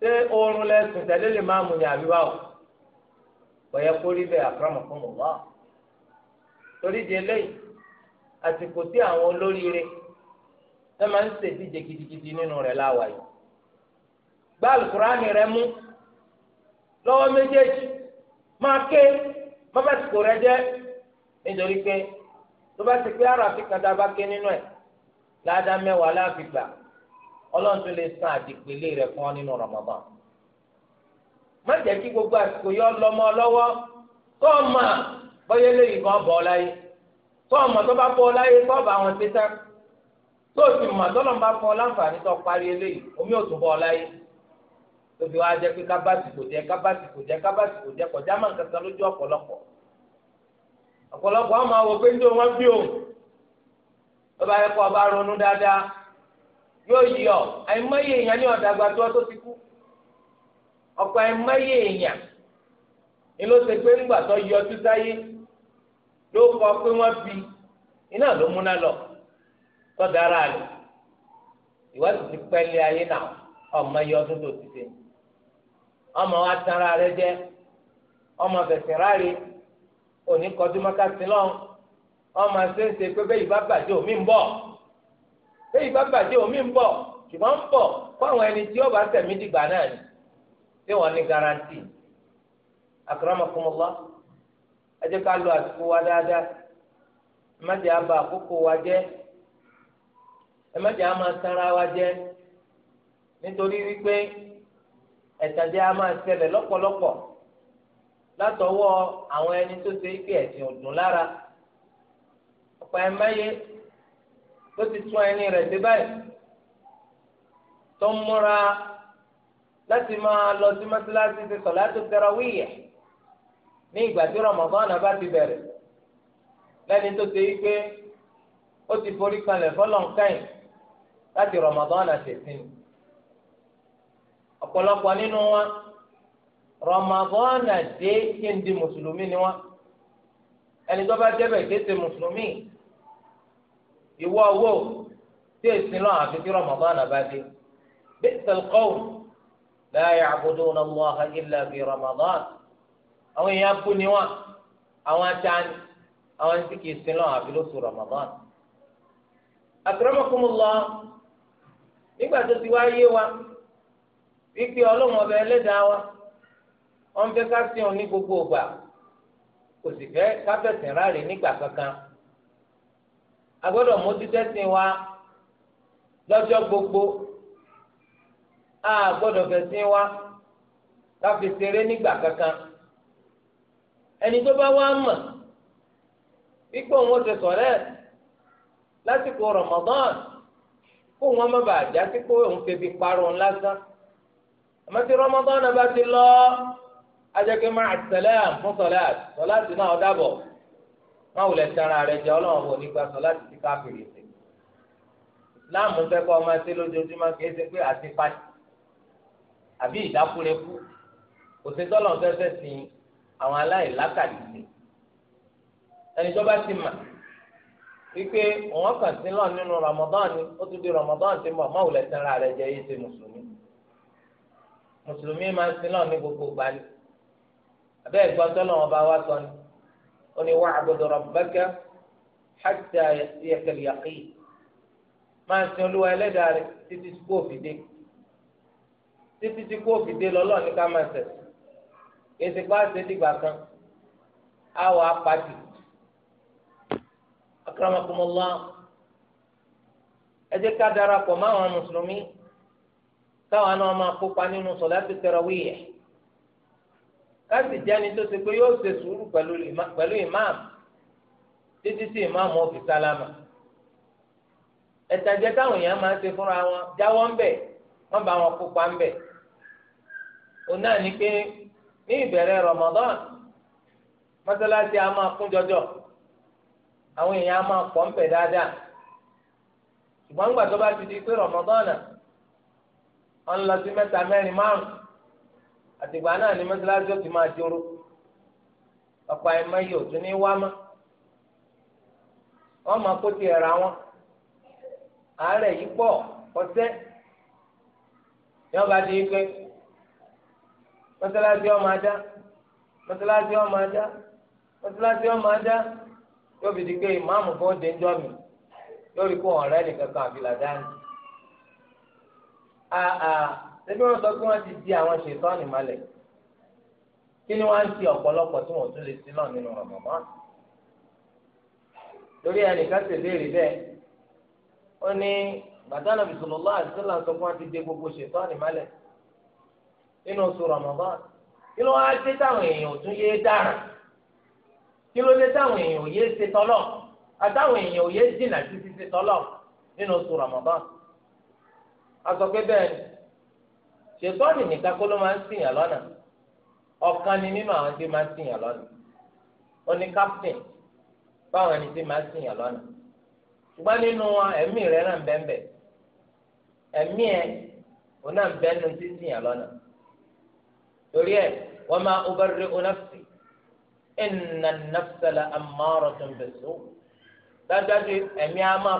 ṣé oorun lẹ́sùn tẹ̀lé lè máa mú ní àbíwá o bọ̀yẹ kó rí bẹ́ẹ̀ àkàràmọ̀ fún mọ̀ wá torí di eléyìí àsìkò tí àwọn olóríire ẹ máa ń ṣèdíje gidigidi nínú rẹ̀ láwa yìí gbá alukurani rẹ mú lọ́wọ́ méjèèjì máa ké má bàtìkò rẹ jẹ́ nítorí pé tó bá ti pé arafi kan tá a bá ké nínú ẹ̀ ládàá mẹ́wàá láàfin gbà ọlọ́run tó lè san àdìpélé rẹ̀ fún ọ nínú Ramadan má jẹ́ kí gbogbo àsìkò yọ lọ́mọ lọ́wọ́ kọ́ ọ mà bọ́yé lẹ́yìn kan bọ̀ ọ́ láyé kọ́ ọ mà tó bá bọ̀ ọ́ láyé kọ́ ọ bá wọn ṣe tán tó o sì mà tọ́lọ̀ bá fún ọ láǹfààní tó parí eléyìí omi ò tún bọ̀ ọ́ láyé tóbi wá jẹ́ pé kábàtì kò jẹ́ kábàtì kò jẹ́ kábàtì kò jẹ́ kọjá máa ń kankan lójú ọ̀pọ̀lọpọ̀ ọ̀pọ̀lọpọ̀ àwọn máa wọ pé nítorí wọ́n bí òun ọba bá yẹ kó ọba ronú dáadáa yóò yí ọ àìmọye èèyàn ní ọ̀dàgbà tó ọ tó ti kú ọ̀pọ̀ àìmọye èèyàn ni ló ṣe pé ńgbà tó yọ ló kọ pé wọ́n bí iná ló múná lọ tó dára ìwádìí ti ayé náà ọmọ yọ tó ti ṣe òní kọjú mọ́ká sí lọ́n wọ́n máa ṣe ń ṣe pé bẹ́ẹ̀ ìbá bàjẹ́ òmí ń bọ̀ bẹ́ẹ̀ ìbá bàjẹ́ òmí ń bọ̀ ṣùgbọ́n ń bọ̀ fáwọn ẹni tí ọba tẹ̀mí dìgbà náà ni tí wọ́n ní garanti akramakumullah ẹ jẹ́ ká lo àsìkò wa dáadáa ẹ àbá àkókò wa jẹ́ ẹ má sanra wa jẹ́ nítorí wípé ẹ̀tàjẹ́ àmà ṣẹlẹ̀ lọ́pọ̀lọpọ̀ látọwọ́ àwọn ẹni tó ṣe pé ẹ̀sìn ọ̀dùn lára ọ̀pọ̀ ẹ̀ mẹ́yẹ tó ti tún ẹni rẹ̀ dé báyìí tó ń múra láti máa lọ sí mọ́tíláṣí ti sọ̀ láti tẹ̀rawíyà ní ìgbà tí rọmọgán bá ti bẹ̀rẹ̀ lẹ́ni tó ṣe pé ó ti forí kanlẹ̀ fọlọ́nkẹ́yìn láti rọmọgán ṣèṣin ọ̀pọ̀lọpọ̀ nínú wọn. rọmọbọ́nà dé kí n di mùsùlùmí ni wọ́n ẹni tó bá débẹ̀ kí ṣe mùsùlùmí ìwọ owó tí èsì náà àfi tí rọmọbọ́nà bá dé bi'sal qawl la ya'buduna Allaha illa fi rọmọbọ́nà àwọn èèyàn kú ni wọ́n àwọn ajáni àwọn tí kì í sin náà àfi lóṣù rọmọbọ́nà. akramakumullah nígbà tó ti wá wa wípé ọlọ́run ẹlẹ́dàá wa wọ́n fẹ́ ká sí ọ ní gbogbo ọgbà kò sì fẹ́ ká fẹ̀sìn ráre nígbà kankan a gbọ́dọ̀ mójútẹ́sìn wa lọ́jọ́ gbogbo a gbọ́dọ̀ fẹ̀sìn wa ká fi ṣeré nígbà kankan ẹni tó bá wá mọ̀ wípé òun ó ti sọ̀rẹ́ lásìkò Ramadan kó wọn má bàa já sí pé òun febi parun lásán àmọ́ tí Ramadan náà bá ti lọ́ọ́ ajẹ́kẹ́ máa sẹlẹ̀m fún sọláàtì sọláàtì náà dábọ̀ má wulẹ̀ tẹ̀ra rẹ jẹ́ ọlọ́run kò ní gba sọláàtì tí káfíìrì sí. láàmú fẹ́ kọ́ ọmọ ẹsẹ̀ lójoojúmọ́ kì í ṣe pé àti pàṣẹ àbí ìdákúrekú òṣèjọ́lọ̀ fẹ́fẹ́ sí àwọn aláìlákàdì sí. ẹni tó bá ti mà wípé òun kàn sí lọ nínú Ramadan ó tún di Ramadan ti mọ̀ má wulẹ̀ tẹ̀ra rẹ jẹ́ yìí ṣe mùsùlùmí mùsùlùmí máa sí lọ ní gbogbo gbani. abẹ́ ẹ̀gbọ́ sọ́nà ọba wa sọ ni ó ní al-yaqin máa sin olúwa ẹlẹ́dàá rẹ títí tí kò fi dé títí tí kò fi dé lọ́lọ́ ní ká máa sẹ̀ èsì pa ṣe dìgbà kan àwọ̀ apàtì akramakumullah ẹ jẹ́ ká darapọ̀ máwọn mùsùlùmí káwọn máa láti jẹ́ ẹni tó ṣe pé yóò ṣe sùúrù pẹ̀lú imam títí tí ìmáàmù ó fi sálámà ẹ̀tàjẹ́ táwọn èèyàn máa ń ṣe fúnra wọn jáwọ́ ń bẹ̀ wọ́n bá wọn kópa ń bẹ̀ òun náà ni pé ní ìbẹ̀rẹ̀ Ramadan mọ́sálásí a máa kún jọjọ àwọn èèyàn a máa pọ̀ ń bẹ̀ dáadáa ṣùgbọ́n nígbà tó bá ti di pé Ramadan náà wọ́n lọ sí mẹ́ta mẹ́rin márùn-ún àtìgbà náà ni mọ́sálásí ó ti máa dúró ọ̀pọ̀ àìmọ́ yìí ò tún ní wá mọ́ wọ́n máa kó tiẹ̀ ra wọn àárẹ̀ yìí pọ̀ ọ̀sẹ́ ni wọ́n bá di pé mọ́sálásí ọmọ ajá mọ́sálásí ọmọ ajá mọ́sálásí ọmọ ajá yóò fi di pé ìmáàmù kan dé ńjọ́ mi lórí kó ọ̀rẹ́ nìkan kan àfìlà dání ṣebí wọ́n sọ pé wọ́n ti di àwọn ṣètọ́ọ̀nì malẹ̀ kí ni wọ́n á ti ọ̀pọ̀lọpọ̀ tí wọ́n tún lè sí náà nínú ọ̀mọ̀mọ́ torí ẹnìkan ṣe léèrè bẹ́ẹ̀ ó ní bàtàna bisalòlá àdìsílà sọ pé wọ́n ti di gbogbo ṣètọ́ọ̀nì malẹ̀ nínú oṣù Ramadan kí ló wá dé táwọn èèyàn ò yé dára kí ló dé táwọn èèyàn ò ṣe tọ́lọ̀ àtàwọn èèyàn ò jìnnà títí ṣe tọ́lọ̀ nínú oṣù Ramadan a sọ pé bẹ́ẹ̀ ṣètọ́nì nìkan kó ló máa ń sìyàn lọ́nà ọ̀kan ni nínú àwọn tí máa ń sìyàn lọ́nà ó ní captain báwọn ẹni tí máa ń sìyàn lọ́nà ṣùgbọ́n nínú ẹ̀mí rẹ̀ náà bẹ́ẹ̀ ẹ̀mí ẹ̀ ò náà bẹ́ẹ̀ nu tí sìyàn lọ́nà torí ẹ̀ wọ́n máa ń bẹ̀rẹ̀ onáfì ẹ̀nà nàfṣẹ̀lẹ̀ àmọ́ràn tó ń bẹ̀ sọ dájúdájú ẹ̀mí á máa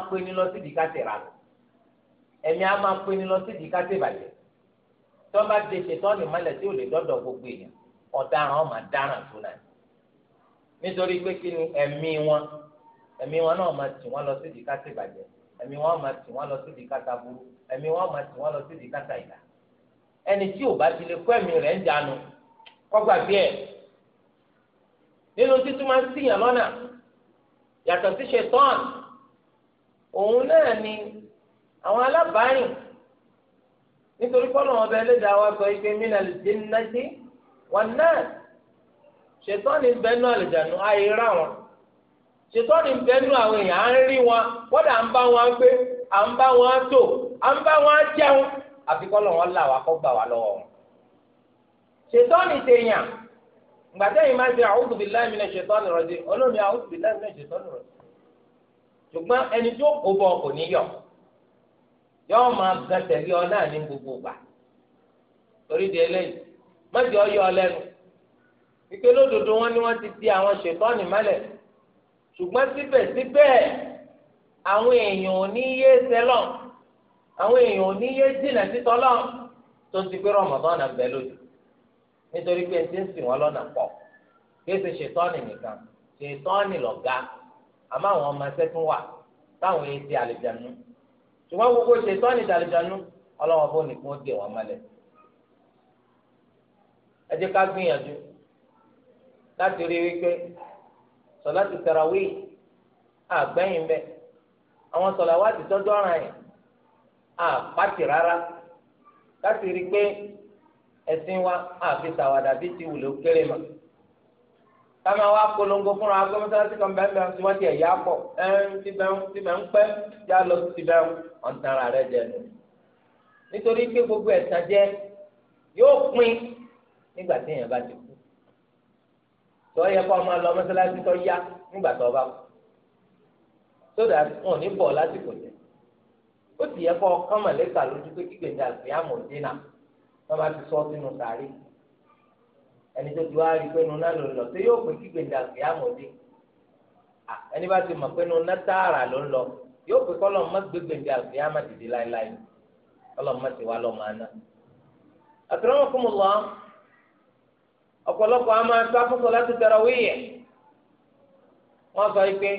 pé ní lọ tó bá de ṣètọ́nì mọ́lẹ̀ tí ò lè dọ́dọ̀ gbogbo èèyàn ọ̀daràn ọmọ dáràn tó náà nítorí pé kí ni ẹ̀mí wọn ẹ̀mí wọn náà máa tì wọ́n lọ sí ìdíkà sí ìbàjẹ́ ẹ̀mí wọn máa tì wọ́n lọ sí ìdíkà sábúrú ẹ̀mí wọn máa tì wọ́n lọ sí ìdíkà sáìlà ẹni tí ò bá ti lè kó ẹ̀mí rẹ̀ ń jánu kọ́gbà bí ẹ̀ nínú títún máa ń ṣìyàn lọ́nà yàtọ̀ sí ṣetán òun náà ni àwọn alábàárìn nítorí kọ́nà ọba ẹlẹ́dàá wa sọ ike mina jinnati wan nas ṣètọ́ni bẹ́nu àlùjánu ayé rà wọn ṣètọ́ni bẹ́nu àwọn èèyàn à ń rí wọn kọ́dà à ń bá wọn gbé à ń bá wọn tò à ń bá wọn jẹun àfi kọ́nà wọn là wá kọ́ gbà wá lọ́wọ́ wọn. ṣètọ́ni tèèyàn gbàtẹ́ yìí máa ń ṣe a'udhu billahi minash shaitani rajim olómi a'udhu billahi minash shaitani rajim ṣùgbọ́n ẹni ní yọ̀ yọọ máa gan tẹ̀lé ọ náà ní gbogbo gbà torí di eléyìí mọ́tì ọyọ ọlẹ́nu ike lódodo wọn ni wọ́n ti di àwọn ṣètọ́nì mọ́lẹ̀ ṣùgbọ́n síbẹ̀síbẹ̀ àwọn èèyàn ò ní yé sẹ́lọ̀ àwọn èèyàn ò ní yé jìnà títọ́lọ̀ tó ti gbé rọmọdọ́nà bẹ́ lójú nítorí pé ẹtí ń sìn wọn lọ́nà pọ̀ kéèsì ṣètọ́nì nìkan ṣètọ́nì lọ̀gá àmọ́ àwọn ọmọ ẹsẹ́ tún wà táwọn èèyàn ti àlejò nù ṣùgbọ́n gbogbo ṣètọ́ ní ìdàlùjọ́nù ọlọ́wọ́n bó nìkan ó dé wọn mọ́lẹ̀. ẹ jẹ́ ká gbìyànjú láti rí wípé sọlá ti tarawí àgbẹ̀yìn bẹ́ẹ̀ àwọn sọlá wa ti tọ́jú ọ̀ràn yẹn rárá láti rí pé ẹ̀sìn wa àfi tàwàdà bí ti wùlò kéré mọ́. kámi àwọn akpolongo fúnra agbẹmọsálásí kan bẹ́ẹ̀ tí wọ́n ti ẹ̀ yá pọ̀ ẹ̀ẹ́n ti bẹ́ẹ̀ ti bẹ́ẹ̀ ń pẹ́ yá lọ sí bẹ́ẹ̀ ọ̀n tara rẹ̀ jẹ nù. nítorí pé gbogbo ẹ̀sán jẹ yóò pin nígbà tí èèyàn bá ti kú. tó yẹ kó ọmọ lọ mọ́sálásí tó yá nígbà tó bá kú. sódà wọn ò ní bọ̀ lásìkò jẹ. ó sì yẹ kó ọkàn mọ̀lẹ́kà lójú pé kíkèjà sí àmọ̀ dínà wọ́n bá ti sọ sínú sàárè ẹni tó ti wá rí pé nuna ló ń lọ tó yóò pé kí gbèdà kìámù dé ẹni bá ti mọ̀ pé nuna tààrà ló ń lọ yóò pé kọ́lọ̀ má gbé gbèdà kìámù dìde láéláé kọ́lọ̀ má ti wá lọ́ máa ná. àtúrọ̀mọ̀ fún mi lọ ọ̀pọ̀lọpọ̀ a máa sá fún sọlá ti tẹ̀rọ wíyẹ̀ wọ́n sọ pé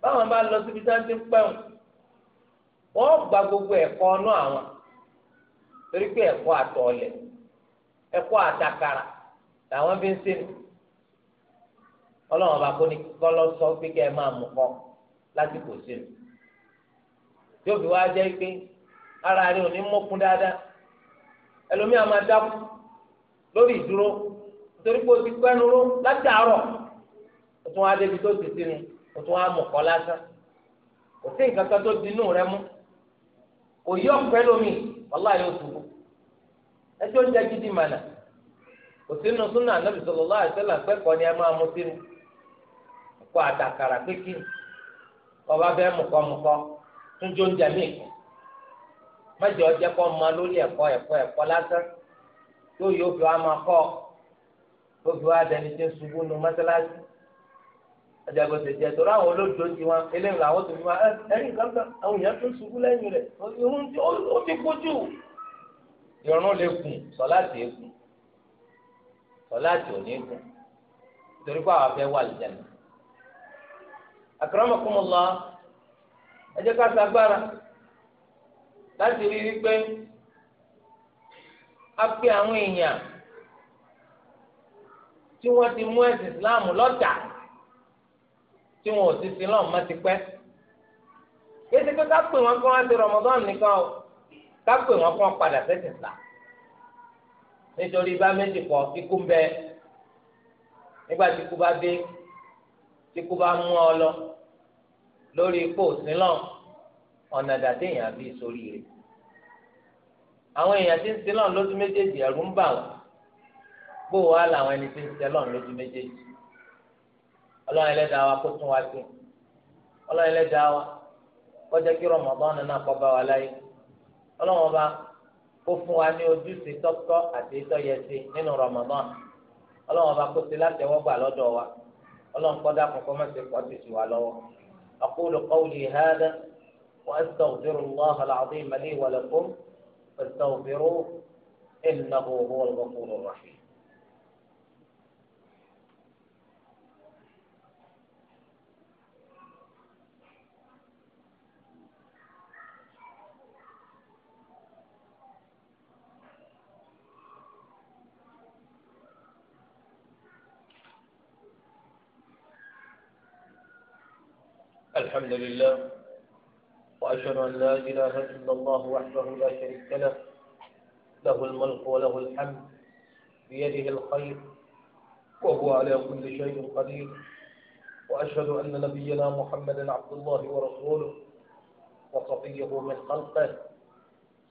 báwọn bá lọ síbi sáńtì pẹ́wọ̀n wọ́n gba gbogbo ẹ̀kọ́ ọ̀nà àwọn torí pé ẹ̀kọ́ àtọ̀ ọ̀lẹ̀ ẹ̀kọ́ àtàkàrà làwọn fi ń ṣe ni ọlọ́run ọba kò ní lọ sọ pé kẹ́ ẹ máa mú kọ́ lásìkò sí mi tí òbí wa jẹ́ pé ara rẹ̀ ò ní mọ́kún dáadáa ẹlòmíà máa dákú lórí ìdúró nítorí pé o ti láti àárọ̀ o tún wá débi ẹjọ́ ń jẹ́ gidi mànà kò sínú súnà anábì sallallahu alaihi wasallam pẹ́kọ̀ọ́ ni ẹ máa mú sínú kó àtàkàrà pékì ọba bẹ́ẹ̀ mùkọ́mùkọ́ tún jó ń jẹ míì kù mẹ́jọ ọjẹ́ kọ́ ma lórí ẹ̀kọ́ ẹ̀kọ́ ẹ̀kọ́ lásán tó yóò fi wá máa kọ́ tó fi wá dẹni tí ń ṣubú nu mọ́sálásí àjàgbèsè jẹ tó ráwọn ti wọn eléyìí làwọn tó fi wá irun lè kùn sọláàtì lè kùn sọláàtì ò ní torí pé àwọn wà ká láti rí pé a pé àwọn èèyàn tí wọ́n ti mú ẹ̀sìn Islam lọ́tà tí wọn ò ti sin lọ́ọ̀ ti pẹ́. kí ti pé ká pè ti Ramadan nìkan kápẹ́ wọn kọ́ padà sẹ́sìn sá nítorí bá méjì kọ ikú ń bẹ nígbà tí ikú bá dé tí ikú bá mú ọ lọ lórí ipò sílọ̀ ọ̀nà dàdé èèyàn bíi sórí rẹ̀ àwọn èèyàn tí ń sílọ̀ lójú méjèèjì ẹ̀rù ń bà wọ́n bó wàá làwọn ẹni tí ń sílọ̀ lójú méjèèjì ọlọ́run ẹlẹ́dàá wa kó tún wa sí ọlọ́run ẹlẹ́dàá wa kọjá kí rọmọdọ́nù náà kọ́ bá wa láyé ọlọ́wọ́n bá kó fún wa ní ojúṣe tọ́tọ́ àti ìtọ́yẹsí nínú Ramadan ọlọ́wọ́n bá kó ti látẹ̀wọ́gbà lọ́dọ̀ wa ọlọ́wọ́n kọ́ dákun kọ́ mọ́sẹ̀ kọ́ ti sì wá lọ́wọ́ aqulu qawli hadha wa astaghfirullaha al-azim li wa lakum fastaghfiruhu innahu huwal ghafurur rahim. الحمد لله وأشهد أن لا إله إلا الله وحده لا شريك له له الملك وله الحمد بيده الخير وهو على كل شيء قدير وأشهد أن نبينا محمدا عبد الله ورسوله وصفيه من خلقه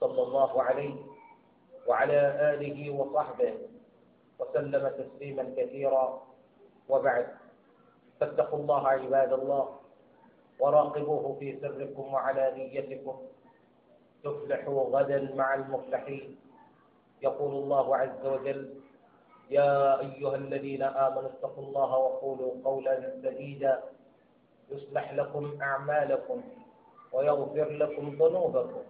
صلى الله عليه وعلى آله وصحبه وسلم تسليما كثيرا وبعد فاتقوا الله عباد الله وراقبوه في سركم وعلانيتكم تفلحوا غدا مع المفلحين يقول الله عز وجل يا أيها الذين آمنوا اتقوا الله وقولوا قولا سديدا يصلح لكم أعمالكم ويغفر لكم ذنوبكم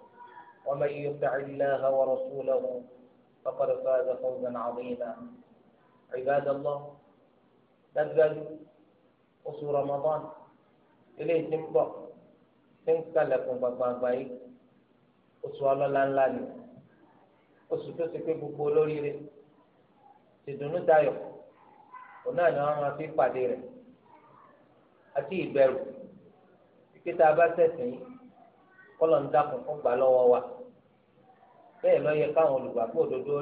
ومن يطع الله ورسوله فقد فاز فوزا عظيما عباد الله نزل قصور رمضان eléyìí ti ń bọ̀ ti ń kalẹ̀kùn gbàgbàgbà yìí oṣù ọlọ́lá ńlá ni oṣù tó ti pé gbogbo olóríire tìdùnnú dayọ̀ òun náà ni wọ́n máa fi pàdé rẹ̀ àti ìbẹ̀rù kíkẹ́ tá yìí kọ́lọ̀ ń dákun fún gbà lọ́wọ́ wa bẹ́ẹ̀ lọ yẹ káwọn olùgbàgbọ́ òdodo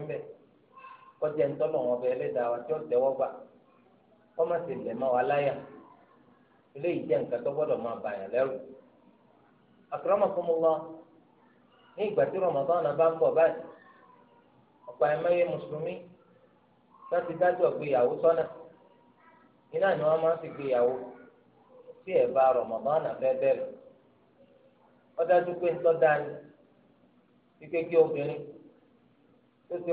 rí kọjá ń tọ́lọ̀ wọn bẹ́ẹ̀ lẹ́dàá wa tí ó tẹ́wọ́ gbà kọ́má sì lè má wa láyà eléyìí jẹ́ nǹkan tó gbọ́dọ̀ máa bàyàn lẹ́rù. akramakumullah ní ìgbà tí Ramadan bá ń bọ̀ báyìí ọ̀pọ̀ ẹ̀mẹ́yẹ mùsùlùmí sọ́nà iná ni wọ́n máa ń tí ẹ̀ bá fẹ́ bẹ̀rẹ̀ dájú pé ńtọ́ dání obìnrin tó ti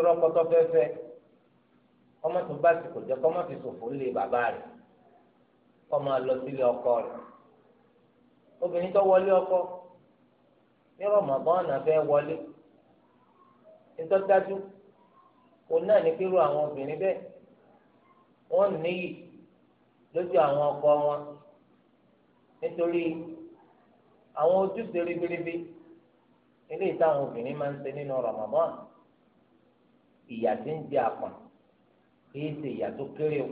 kọ́mọ́ tó bá sì kò jẹ́ kọ́mọ́ fi sòfò lé bàbá rẹ̀ kọ́mọ́ lọ sílé ọkọ rẹ̀ obìnrin tó wọlé ọkọ ní rọmọbọ́ọ̀nà fẹ́ wọlé nítọ́jú òun náà ní kírú àwọn obìnrin bẹ́ẹ̀ wọ́n níyì lójú àwọn ọkọ wọn nítorí àwọn ojúṣe ribiribi eléyìí táwọn obìnrin máa ń ṣe nínú rọmọbọ́ọ̀nà ìyà tí ń jẹ àpọ̀n. kìí ṣe ìyà tó kéré o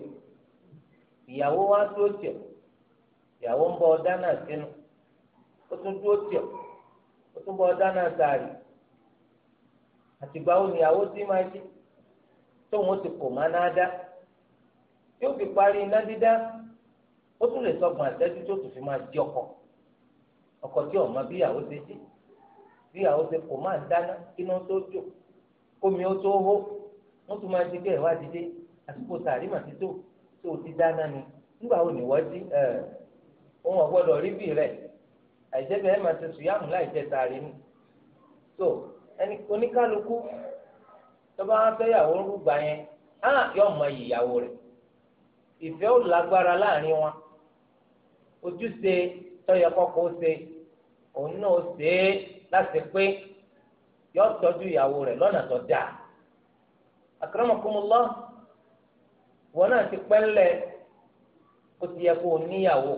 ìyàwó wa dúró tiẹ̀ ìyàwó ń bọ ọdá náà sínú ó tún dúró tiẹ̀ ó tún bọ ọdá náà sàárì àtìgbà wo nìyàwó tí máa ma tóun ó ti kò má náà dá yóò fi parí iná dídá ó sọgbọn àtẹ́jú tó tún fi máa jí ọkọ ọkọ tí ọmọ bí ìyàwó ṣe jí bí ìyàwó ṣe kò má dáná kí tó jò kómi ó tó hó wọn tún máa àsìkò sàárì ma si tó tó ti dáná ni nígbà wo ni wọ́n ti ẹ̀ òun ọ̀gbọ́dọ̀ rí bì rẹ̀ àìjẹ́ bẹ́ẹ̀ máa ti sùyàmù láì jẹ sàárì ni tó ẹni oníkálukú tó wá fẹ́ yàwó rúgbà yẹn á yọ mọ ìyàwó rẹ̀ ìfẹ́ ò lágbára láàrin wọn ojúṣe tọ́yẹ kọ́kọ́ ṣe òun náà ṣe é láti pé yọ tọ́jú wọn náà ti pẹ́ ńlẹ̀ ó ti yẹ kó o níyàwó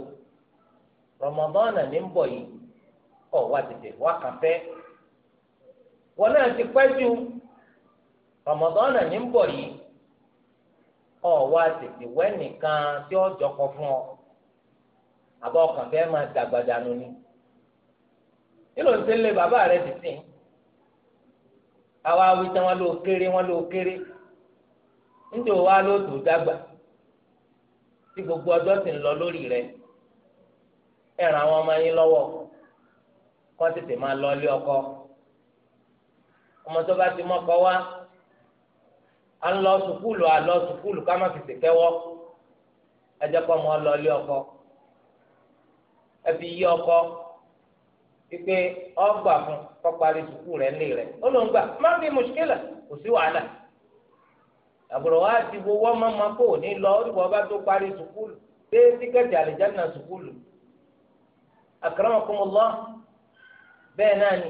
rọmọdọ́nà ní ń bọ̀ yìí ọ̀ wá tètè wá kàn fẹ́ wọn náà ti pẹ́ ju rọmọdọ́nà ní ń bọ̀ yìí ọ̀ wá tètè wẹ́ nìkan tí ó jọkọ fún ọ àbọ̀ ọkàn fẹ́ máa dàgbà dànù ni nílò ń bàbá rẹ̀ ti sìn àwa wí tán wọn ló kéré wọn ló kéré. níjẹ́ òwa ló tó dàgbà tí gbogbo ọjọ́ sì nlọ lórí rẹ̀ ẹ ràn àwọn ọmọ yín lọ́wọ́ kó tètè lọ ilé ọkọ ọmọ tó bá ti mọ́kọ wá à ń lọ sùkúlù à lọ sùkúlù ká má fèsì lọ ilé ọkọ ẹ fi yí ọkọ wípé ọgbà fún kọparí sùkúù rẹ nílé rẹ ó ló ń gbà má fi mùsùkìlà kò sí wàhálà àbúrò wa ti wo wọ́n máa ma kó lọ oríwọ̀ ọba tó parí sùkúlù dé tíkẹ́tì àlìjáná sùkúlù akramakumullah bẹ́ẹ̀ náà ni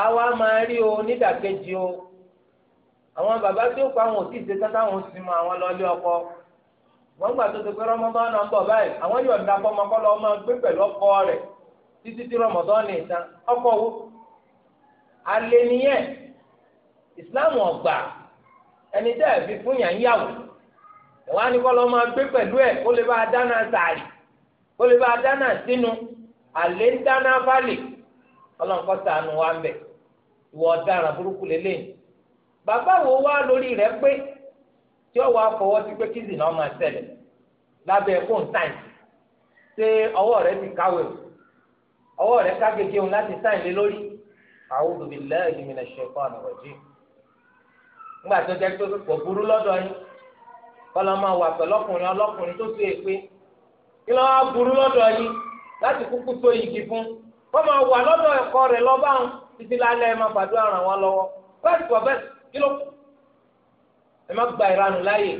àwa máa rí o nídàkejì o àwọn bàbá tó Awọn àwọn òtí ìṣe sì mọ àwọn lọlé ọkọ wọn gbà tó ti pé rọmọdán náà ń bọ̀ báyìí àwọn yóò da fọmọkọlọ ọmọ gbé pẹ̀lú ọkọ rẹ̀ títí tí rọmọdán ní ìtàn ọkọ wo ẹni tẹ́ fi fún yàn yàwó ìwà ni kọ́ lọ́ máa gbé pẹ̀lú ẹ̀ kó lè bá dáná sàárì kó lè bá dáná sínú àlè ń dáná fálì ọlọ́nkọ́ sànù wa ń bẹ̀ ìwọ ọ̀daràn burúkú bàbá wo wá lórí pé tí fọwọ́ sí pé kí zìnnà lábẹ́ ọwọ́ ti káwé ọwọ́ rẹ̀ ká gègé òun láti sáìn lé lórí a'udhu billahi minash ńgbà tó jẹ́ pé kò burú lọ́dọ̀ yín ma máa wà pẹ̀lú ọkùnrin ọlọ́kùnrin tó so èpè kí ló wá burú lọ́dọ̀ yín láti kúkú igi fún kọ́ máa wà lọ́dọ̀ ẹ̀kọ́ rẹ̀ lọba ń títí lálẹ́ ẹ máa ràn kí ló ẹ má gba ìranù láàyè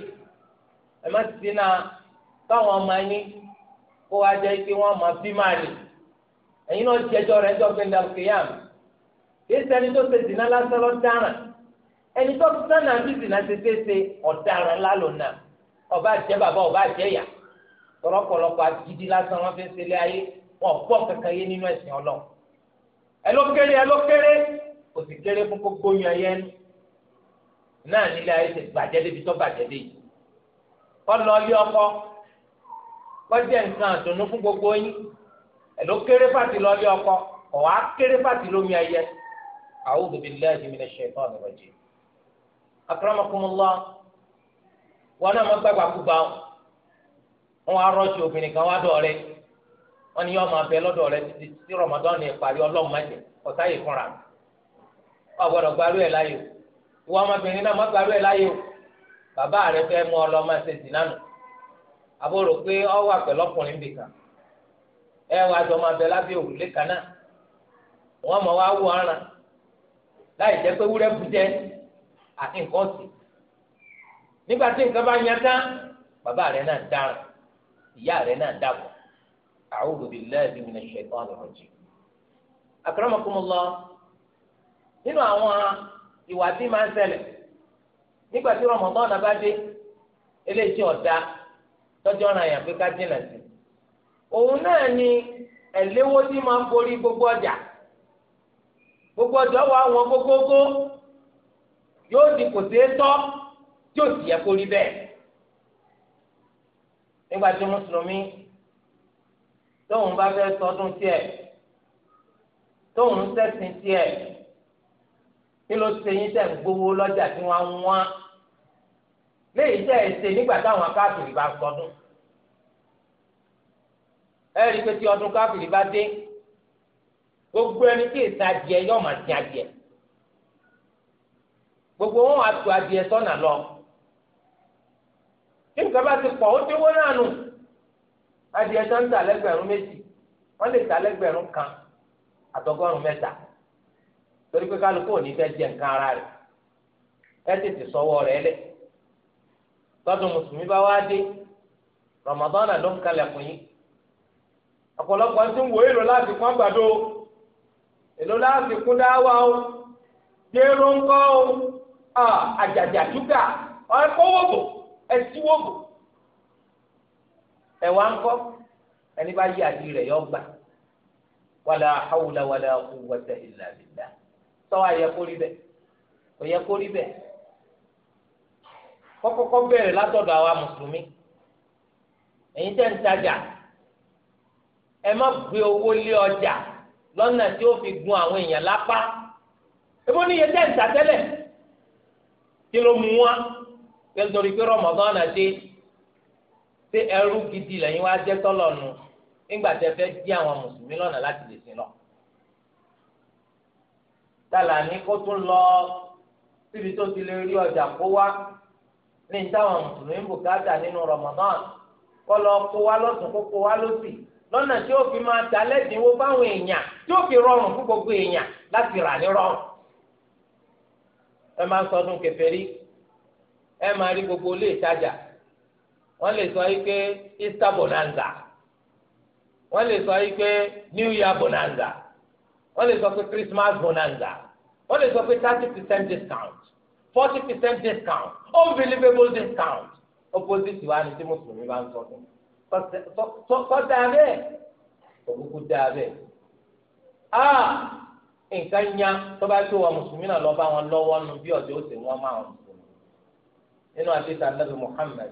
ẹ má ọmọ kó wá pé máa bí máa náà tó ṣe ẹni tó ti sánà ń bìsì náà ṣe ṣeéṣe ọ̀daràn lálò náà ọba jẹ́ bàbá ọba jẹ́ ìyá tọ́lọ́pọ̀lọpọ̀ agídí lásán wọn fi ń ṣe ilé ayé wọn gbọ́ kankan yé nínú ẹ̀sìn ọlọ́ ẹ ló kéré ẹ ló kéré kò sì kéré fún kó gbóyún ẹyẹ náà nílé ayé ṣe bàjẹ́ débi tó bàjẹ́ dé yìí kọ́nà ọkọ kọjá nǹkan àtúnú fún gbogbo yín ẹ ló kéré fàtí ọkọ ọ̀wá kéré fàtí lómi ẹyẹ a'udhu billahi minash shaitani rajim. akramakumullah wọn náà máa gbàgbà nwa wọn wọn obìnrin kan wá wọn ni yọ ọmọ abẹ lọ́dọ̀ rẹ títí tí rọmọdọ́nù ìparí ọlọ́mọdé ọ̀táyè fúnra wọn gbọdọ̀ gbarú ẹ̀ láyò ìwọ ọmọbìnrin náà má gbarú ẹ̀ láyò bàbá rẹ fẹ́ mú ọ lọ máa ṣe àbúrò pé ọ wà ọkùnrin bìkan ẹ wà jọ máa bẹ òrùlé kan náà wọn wá wú láì pé àti nǹkan ọ̀sìn nígbà tí nǹkan bá yan tán bàbá rẹ̀ náà dáràn ìyá rẹ̀ náà dàbọ̀ a'udhu billahi minash shaitanir rajim. akramakumullah nínú àwọn ìwà tí máa ń ṣẹlẹ̀ nígbà tí Ramadan bá dé eléyìí ọ̀dà tọ́jú ọ̀ràn àyàn pé ká dínà sí òun náà ni tí máa ń borí gbogbo ọjà gbogbo ọjà wà gbogbogbò. yóò di kò sí tọ́ tí ò sì yẹ kó rí bẹ́ẹ̀. nígbà tí mùsùlùmí tóun bá fẹ́ sọdún tiẹ̀ tóun sẹ́sìn tiẹ̀ kí ló ṣe yín tẹ̀ ń gbowó lọ́jà tí wọ́n á wọ́n léyìí tẹ̀ ẹ̀ ṣe nígbà táwọn akáàtúrì bá sọdún ẹ̀rí pé tí ọdún káfíìrì bá dé gbogbo ẹni tí èsì adìẹ yóò máa sin adìẹ gbogbo wọn wàá tu adìẹ lọ nǹkan bá ti pọ̀ ó ti wó náà adìẹ tó ń tà lẹ́gbẹ̀rún méjì wọ́n lè tà lẹ́gbẹ̀rún kan àtọ́gọ́rùn mẹ́ta torí pé kálukú ò ní fẹ́ jẹ nǹkan ara rẹ̀ ẹ tètè rẹ̀ lẹ̀ tọ́dún mùsùlùmí bá wá dé ló ń kalẹ̀ fún yín ọ̀pọ̀lọpọ̀ ti ń láti kún àgbàdo láti kún dáwà o àjàjà ṣúgà ọkọwọgbò ẹsíwọgbò ẹwà ńkọ ẹni bá yí àdí rẹ yọ wàlà hawla wàlà quwwata illa sọwọ ayẹ bẹ bẹ kọkọkọ àwa mùsùlùmí ẹ̀yin tẹ́ ń tajà ẹ má gbé owó lé ọjà lọ́nà tí ó fi gun àwọn èèyàn lápá ebó kí ló mú wa pé nítorí pé Ramadan ẹrú gidi lẹ́yìn wá jẹ́ tọ́lọ̀nù nígbà tẹ́ fẹ́ dí àwọn mùsùlùmí lọ́nà láti lè sin lọ. tala ní kó tún lọ síbi tó ti lè rí ọjà kó wá ní táwọn mùsùlùmí bùkátà nínú Ramadan kọlọ kó wá kó kó wá ta èèyàn tí ó fi rọrùn gbogbo èèyàn láti rà ní ẹ máa ń sọdún kèfèrí ẹ máa rí gbogbo ilé ìtajà wọ́n lè sọ yìí pé Easter bonanza wọ́n lè sọ yìí pé New Year bonanza wọ́n lè sọ pé Christmas bonanza wọ́n lè sọ pé thirty percent discount forty percent discount unbelievable discount opposite wa ni tí mùsùlùmí bá ń sọdún sọdá bẹ́ẹ̀ òkùnkùn dá bẹ́ẹ̀ ah nǹkan nya tó bá tó wọn mùsùlùmí náà lọ bá wọn lọ́wọ́ nu bí ọ̀dọ́ ó sì wọ́n máa wọn mùsùlùmí. nínú àdéhùn anábì Muhammad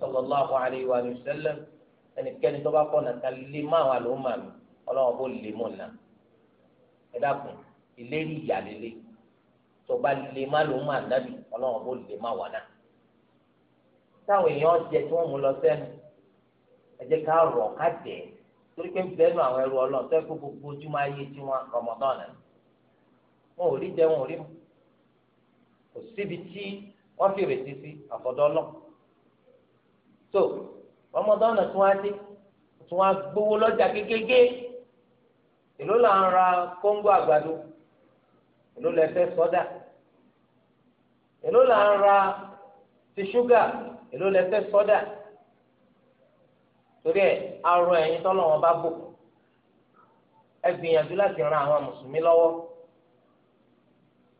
sallallahu alayhi wa sallam ẹnikẹ́ni tó bá kọ́ nàta lé má wà ló mà mí ọlọ́wọ́ bó lè mọ̀ nà. ẹ dákun ìlérí ìyàlélẹ́ tó bá lè má ló mà nábì ọlọ́wọ́ bó lè má wà náà. táwọn èèyàn jẹ tí wọ́n mú lọ sẹ́nu ẹ jẹ́ ká rọ̀ ká jẹ́ torí pé ń nù àwọn ẹrú ọlọ́ọ̀ tó kó gbogbo ojúmọ́ ayé tí wọ́n rọmọdọ́ọ̀nù wọn ò rí jẹ wọn ò rí mu kò síbi tí wọn fi rètí sí àfọ̀dọ́ náà so ọmọdọ́nà tí wọ́n á dé tí wọ́n á gbowó lọ́jà kékeré èló là ń ra kóńgò àgbàdo èló lẹ fẹ́ sọ́dà èló là ń ra ti ṣúgà èló lẹ fẹ́ sọ́dà torí ẹ arọ ẹ̀yin tọ́lọ̀ wọn bá bò ẹ gbìyànjú láti ran àwọn mùsùlùmí lọ́wọ́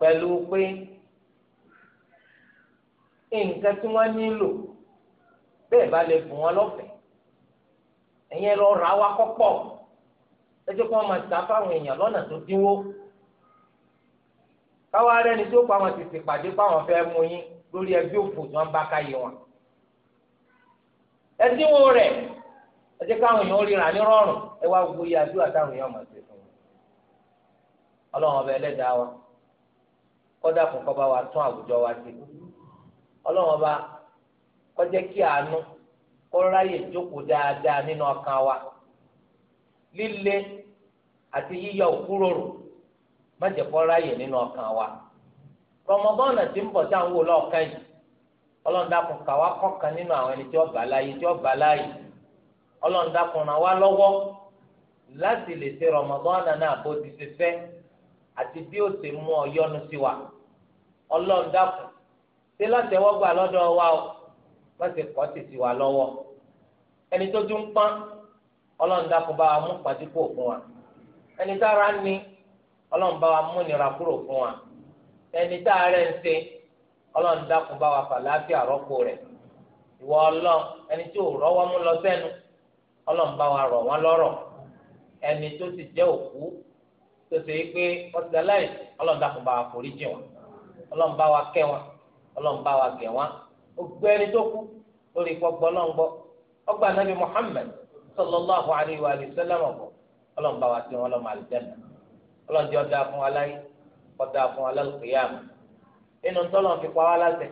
pẹ̀lú pé nǹkan tí wọ́n nílò bẹ́ẹ̀ bá lè fún wọn lọ́fẹ̀ẹ́ ẹ̀yẹn lọ rà wá kọ́pọ̀ ẹjọ́ kí wọ́n máa ta fáwọn èèyàn lọ́nà tó dínwó káwá rẹ́ni tó pa wọn tètè pàdé fáwọn fẹ́ mú yín lórí ẹbí òfò tí wọ́n bá káyé wọn ẹdínwó rẹ̀ ẹjẹ́ káwọn èèyàn ríra ní rọrùn ẹ wá gbóyè àdúrà táwọn èèyàn máa ṣe fún wọn ọlọ́run ọba ẹlẹ́dàá wa. kọ́dà kún kọ́ bá wa tún àwùjọ wa ti. ọlọ́run ọba kọjá kí àánú dáadáa nínú ọkàn wa líle àti yíyọ òkúròrò má jẹ́ kó ráyè nínú ọkàn wa rọmọgọ́nà tí ń bọ̀ tá à ń wò lọ́ọ̀kan yìí kà wá nínú àwọn ẹni tí ó láàyè tí ó láàyè ràn wá lọ́wọ́ láti lè ṣe náà wa. ọlọ́run dákun ṣé lọ́dọ̀ wa o wọ́n ti kọ́ títí wa lọ́wọ́ ẹni tó dún pọ́n ọlọ́run dákun bá wa mú fún wa ẹni tára ní ọlọ́run bá wa mú nira kúrò fún wa ẹni tá a rẹ̀ ń ṣe ọlọ́run dákun bá wa fàlàáfíà rọ́pò rẹ̀ ìwọ ọlọ́run ẹni tí ò rọ́wọ́ mú ọlọ́run bá wa kẹ́ wọn ọlọ́run bá wa gẹ̀ wọn gbogbo ẹni tó kú lórí ìpọ́gbọ́ náà ọgbà nàbì Muhammad sallallahu alayhi wa sallam ọ̀gbọ́ ọlọ́run bá wa sí wọn lọ́mọ àlùjáde ọlọ́run jẹ́ ọ̀dà fún aláyé ọ̀dà fún alálùkìyàm inú tọ́lọ̀ fi pa wá láṣẹ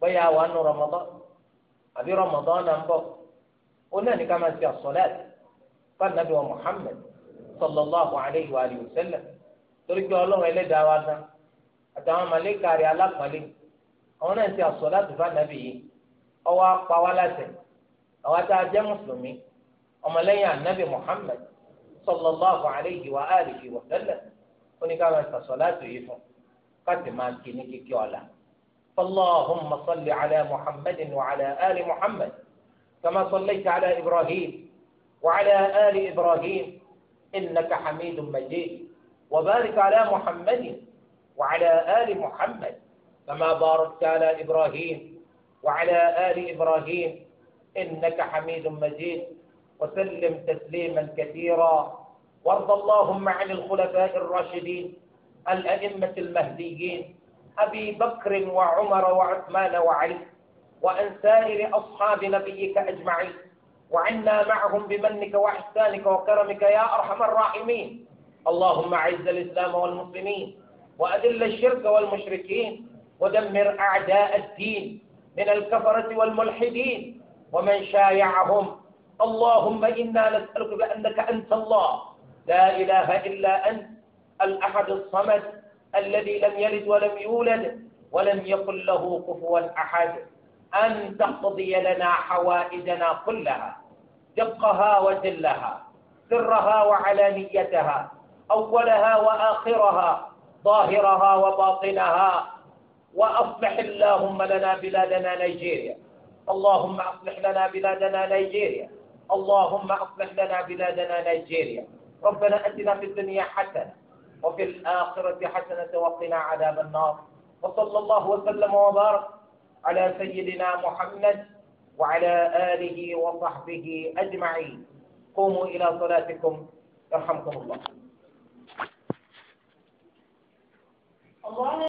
bóyá wà nù Ramadan àbí Ramadan náà ń bọ̀ ó náà ní ká máa ṣe àsọ̀lẹ́ fanabi wa Muhammad sallallahu alayhi wa sallam torí pé ọlọ́run ẹlẹ́dàá wa náà àtàwọn màlẹ́kà rẹ̀ alápàlẹ́ àwọn náà ti àsọ̀lá tó bá nàbì yìí ọwọ́ apáwá láṣẹ àwọn tá a jẹ́ mùsùlùmí ọmọlẹ́yìn ànábì Muhammad sallallahu alayhi wa alihi wa sallam oníkàwé àsọ̀lá tó yìí fún káàtì máa kí ní kíkí ọ̀la fallahumma salli ala wa ala ali muhammad kama sallaita ala ibrahim wa ala ali ibrahim innaka hamidun majid wa barik ala muhammadin. وعلى آل محمد كما باركت على إبراهيم وعلى آل إبراهيم إنك حميد مجيد وسلم تسليما كثيرا وارض اللهم عن الخلفاء الراشدين الأئمة المهديين أبي بكر وعمر وعثمان وعلي وأن سائر أصحاب نبيك أجمعين وعنا معهم بمنك وإحسانك وكرمك يا أرحم الراحمين اللهم أعز الإسلام والمسلمين وأذل الشرك والمشركين ودمر أعداء الدين من الكفرة والملحدين ومن شايعهم اللهم إنا نسألك بأنك أنت الله لا إله إلا أنت الأحد الصمد الذي لم يلد ولم يولد ولم يكن له كفوا أحد أن تقضي لنا حوائجنا كلها دقها وجلها سرها وعلانيتها أولها وآخرها ظاهرها وباطنها وأصلح اللهم لنا بلادنا نيجيريا اللهم أصلح لنا بلادنا نيجيريا اللهم أصلح لنا بلادنا نيجيريا ربنا أتنا في الدنيا حسنة وفي الآخرة حسنة وقنا عذاب النار وصلى الله وسلم وبارك على سيدنا محمد وعلى آله وصحبه أجمعين قوموا إلى صلاتكم يرحمكم الله A lot of.